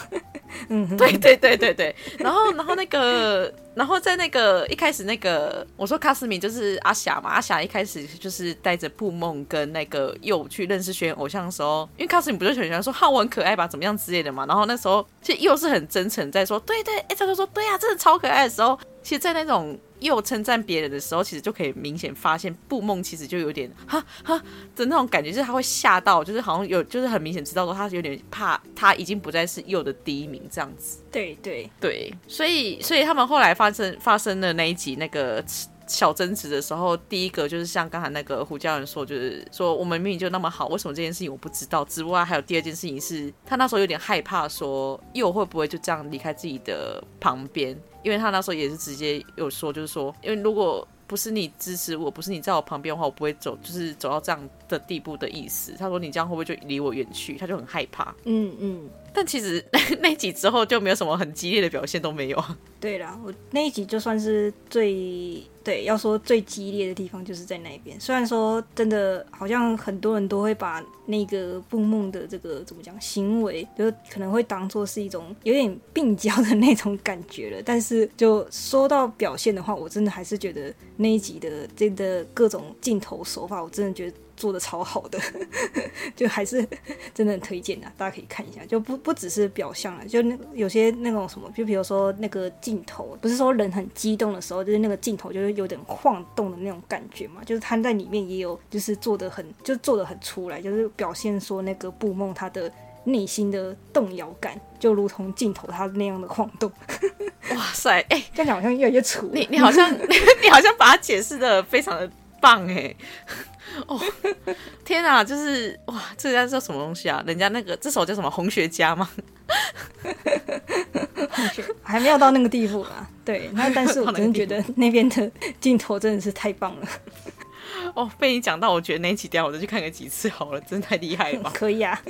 嗯， [LAUGHS] 對對對對對。然後然後那個。 [LAUGHS] 然後在那個一開始那個我說卡斯米就是阿霞嘛，阿霞一開始就是帶着布夢跟那個侑去認識學園偶像的時候，因為卡斯米不就很喜歡說啊，我很可愛吧怎麼樣之類的嘛，然後那時候其實侑是很真誠在說，對對，哎，他就說，對呀、啊，真的超可愛的時候，其實在那種。侑稱讚別人的時候，其實就可以明顯發現步夢其實就有點哈哈的那種感覺，就是他會嚇到，就是好像有，就是很明顯知道說他有點怕，他已經不再是侑的第一名這樣子。對對對，所以所以他們後來發生發生的那一集那個小爭執的時候，第一個就是像剛才那個胡家人說，就是說我們命就那麼好，為什麼這件事情我不知道，之外，還有第二件事情是他那時候有點害怕說，說侑會不會就這樣離開自己的旁邊。因為他那時候也是直接有說，就是說，因為如果不是你支持我，不是你在我旁邊的話，我不會走，就是走到這樣的地步的意思。他說你這樣會不會就離我遠去？他就很害怕。嗯嗯。但其實那集之後就沒有什麼很激烈的表現，都沒有對啦。我那一集就算是最對，要說最激烈的地方就是在那邊。雖然說真的好像很多人都會把那個步夢的這個怎麼講，行為，就可能會當做是一種有點病嬌的那種感覺了。但是就說到表現的話，我真的還是覺得那一集的這個各種鏡頭手法，我真的覺得。做的超好的， [LAUGHS] 就還是真的很推薦的，大家可以看一下，就不不只是表象了，就那有些那種什麼，就比如說那個鏡頭，不是說人很激動的時候，就是那個鏡頭就是有點晃動的那種感覺嘛，就是他在裡面也有就是做的很，就做的很出來，就是表現說那個布夢他的內心的動搖感，就如同鏡頭他那樣的晃動。 [LAUGHS] 哇塞，哎、欸，這樣好像越來越粗。你你好像 [LAUGHS] 你好像把它解釋的非常的棒哎、欸。哦，天啊，就是哇，這家叫什麼東西啊？人家那個這首叫什麼紅學家嗎？還沒有到那個地步吧？對，那但是我真的覺得那邊的鏡頭真的是太棒了。哦，被你講到，我覺得哪幾條我都去看個幾次好了，真的太厲害了吧？可以啊。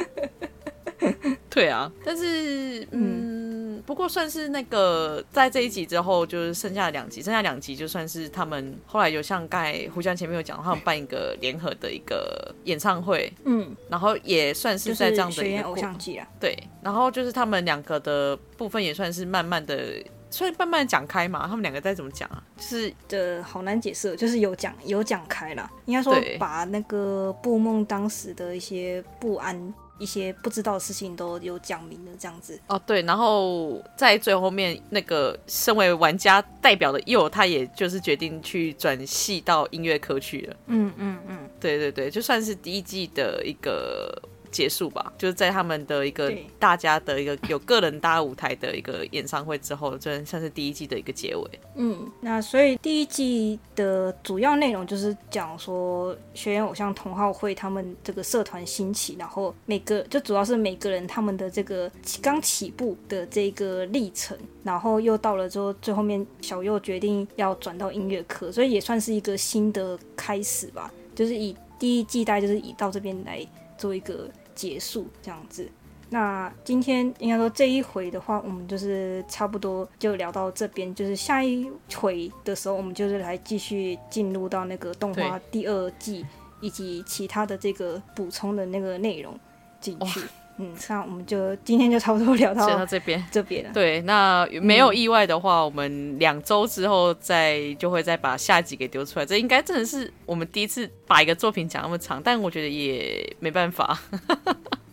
[LAUGHS] 對啊，但是嗯，嗯，不過算是那個，在這一集之後，就是剩下的兩集，剩下兩集就算是他們後來有像剛才胡湘前面有講，他們辦一個聯合的一個演唱會，嗯，然後也算是在這樣的一個、就是、偶像劇啊，對，然後就是他們兩個的部分也算是慢慢的，算，慢慢講開嘛，他們兩個在怎麼講啊，就是的好難解釋，就是有講有講開了，應該說把那個步夢當時的一些不安。一些不知道的事情，都有講明的，這樣子哦，對，然後在最後面那個身為玩家代表的侑，他也就是決定去轉系到音樂科去了，嗯嗯嗯，對對對，就算是第一季的一個。結束吧，就是在他們的一個大家的一個有個人搭舞台的一個演唱會之後，這算是第一季的一個結尾。嗯，那所以第一季的主要內容就是講說學園偶像同好會他們這個社團興起，然後每個就主要是每個人他們的這個剛起步的這個歷程，然後又到了之後最後面小右決定要轉到音樂科，所以也算是一個新的開始吧。就是以第一季大概就是以到這邊來做一個。結束這樣子，那今天應該說這一回的話，我們就是差不多就聊到這邊，就是下一回的時候，我們就是來繼續進入到那個動畫第二季，以及其他的這個補充的那個內容進去。嗯，那我們就今天就差不多聊到這邊，這邊。對，那沒有意外的話，嗯、我們兩周之後再就會再把下集給丟出來。這應該真的是我們第一次把一個作品講那麼長，但我覺得也沒辦法。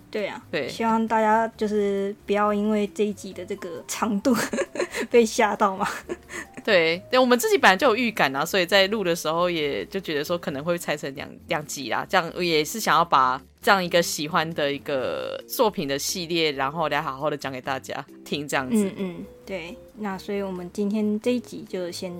對呀、啊， [LAUGHS] 對，希望大家就是不要因為這一集的這個長度被嚇到嘛。對，對，我們自己本來就有預感啊，所以在錄的時候也就覺得說可能會拆成兩兩集啦，這樣我也是想要把。這樣一個喜歡的一個作品的系列，然後來好好的講給大家聽，這樣子。嗯嗯，對。那所以我們今天這一集就先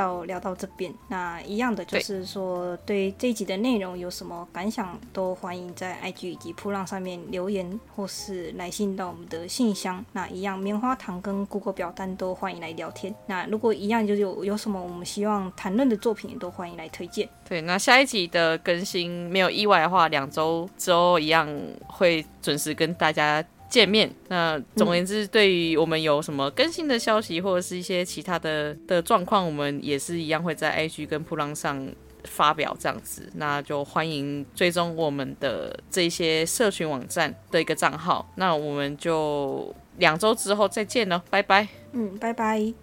到聊到這邊，那一樣的就是說，對這一集的內容有什麼感想，都歡迎在 IG 以及噗浪上面留言，或是來信到我們的信箱。那一樣，棉花糖跟 Google 表單都歡迎來聊天。那如果一樣，就有有什麼我們希望談論的作品，也都歡迎來推薦。對，那下一集的更新沒有意外的話，兩周之後一樣會準時跟大家見面。那總而言之，對於我們有什麼更新的消息，或者是一些其他的的狀況，我們也是一樣會在 IG 跟噗浪上發表這樣子。那就歡迎追蹤我們的這些社群網站的一個賬號。那我們就兩周之後再見了，拜拜。嗯，拜拜。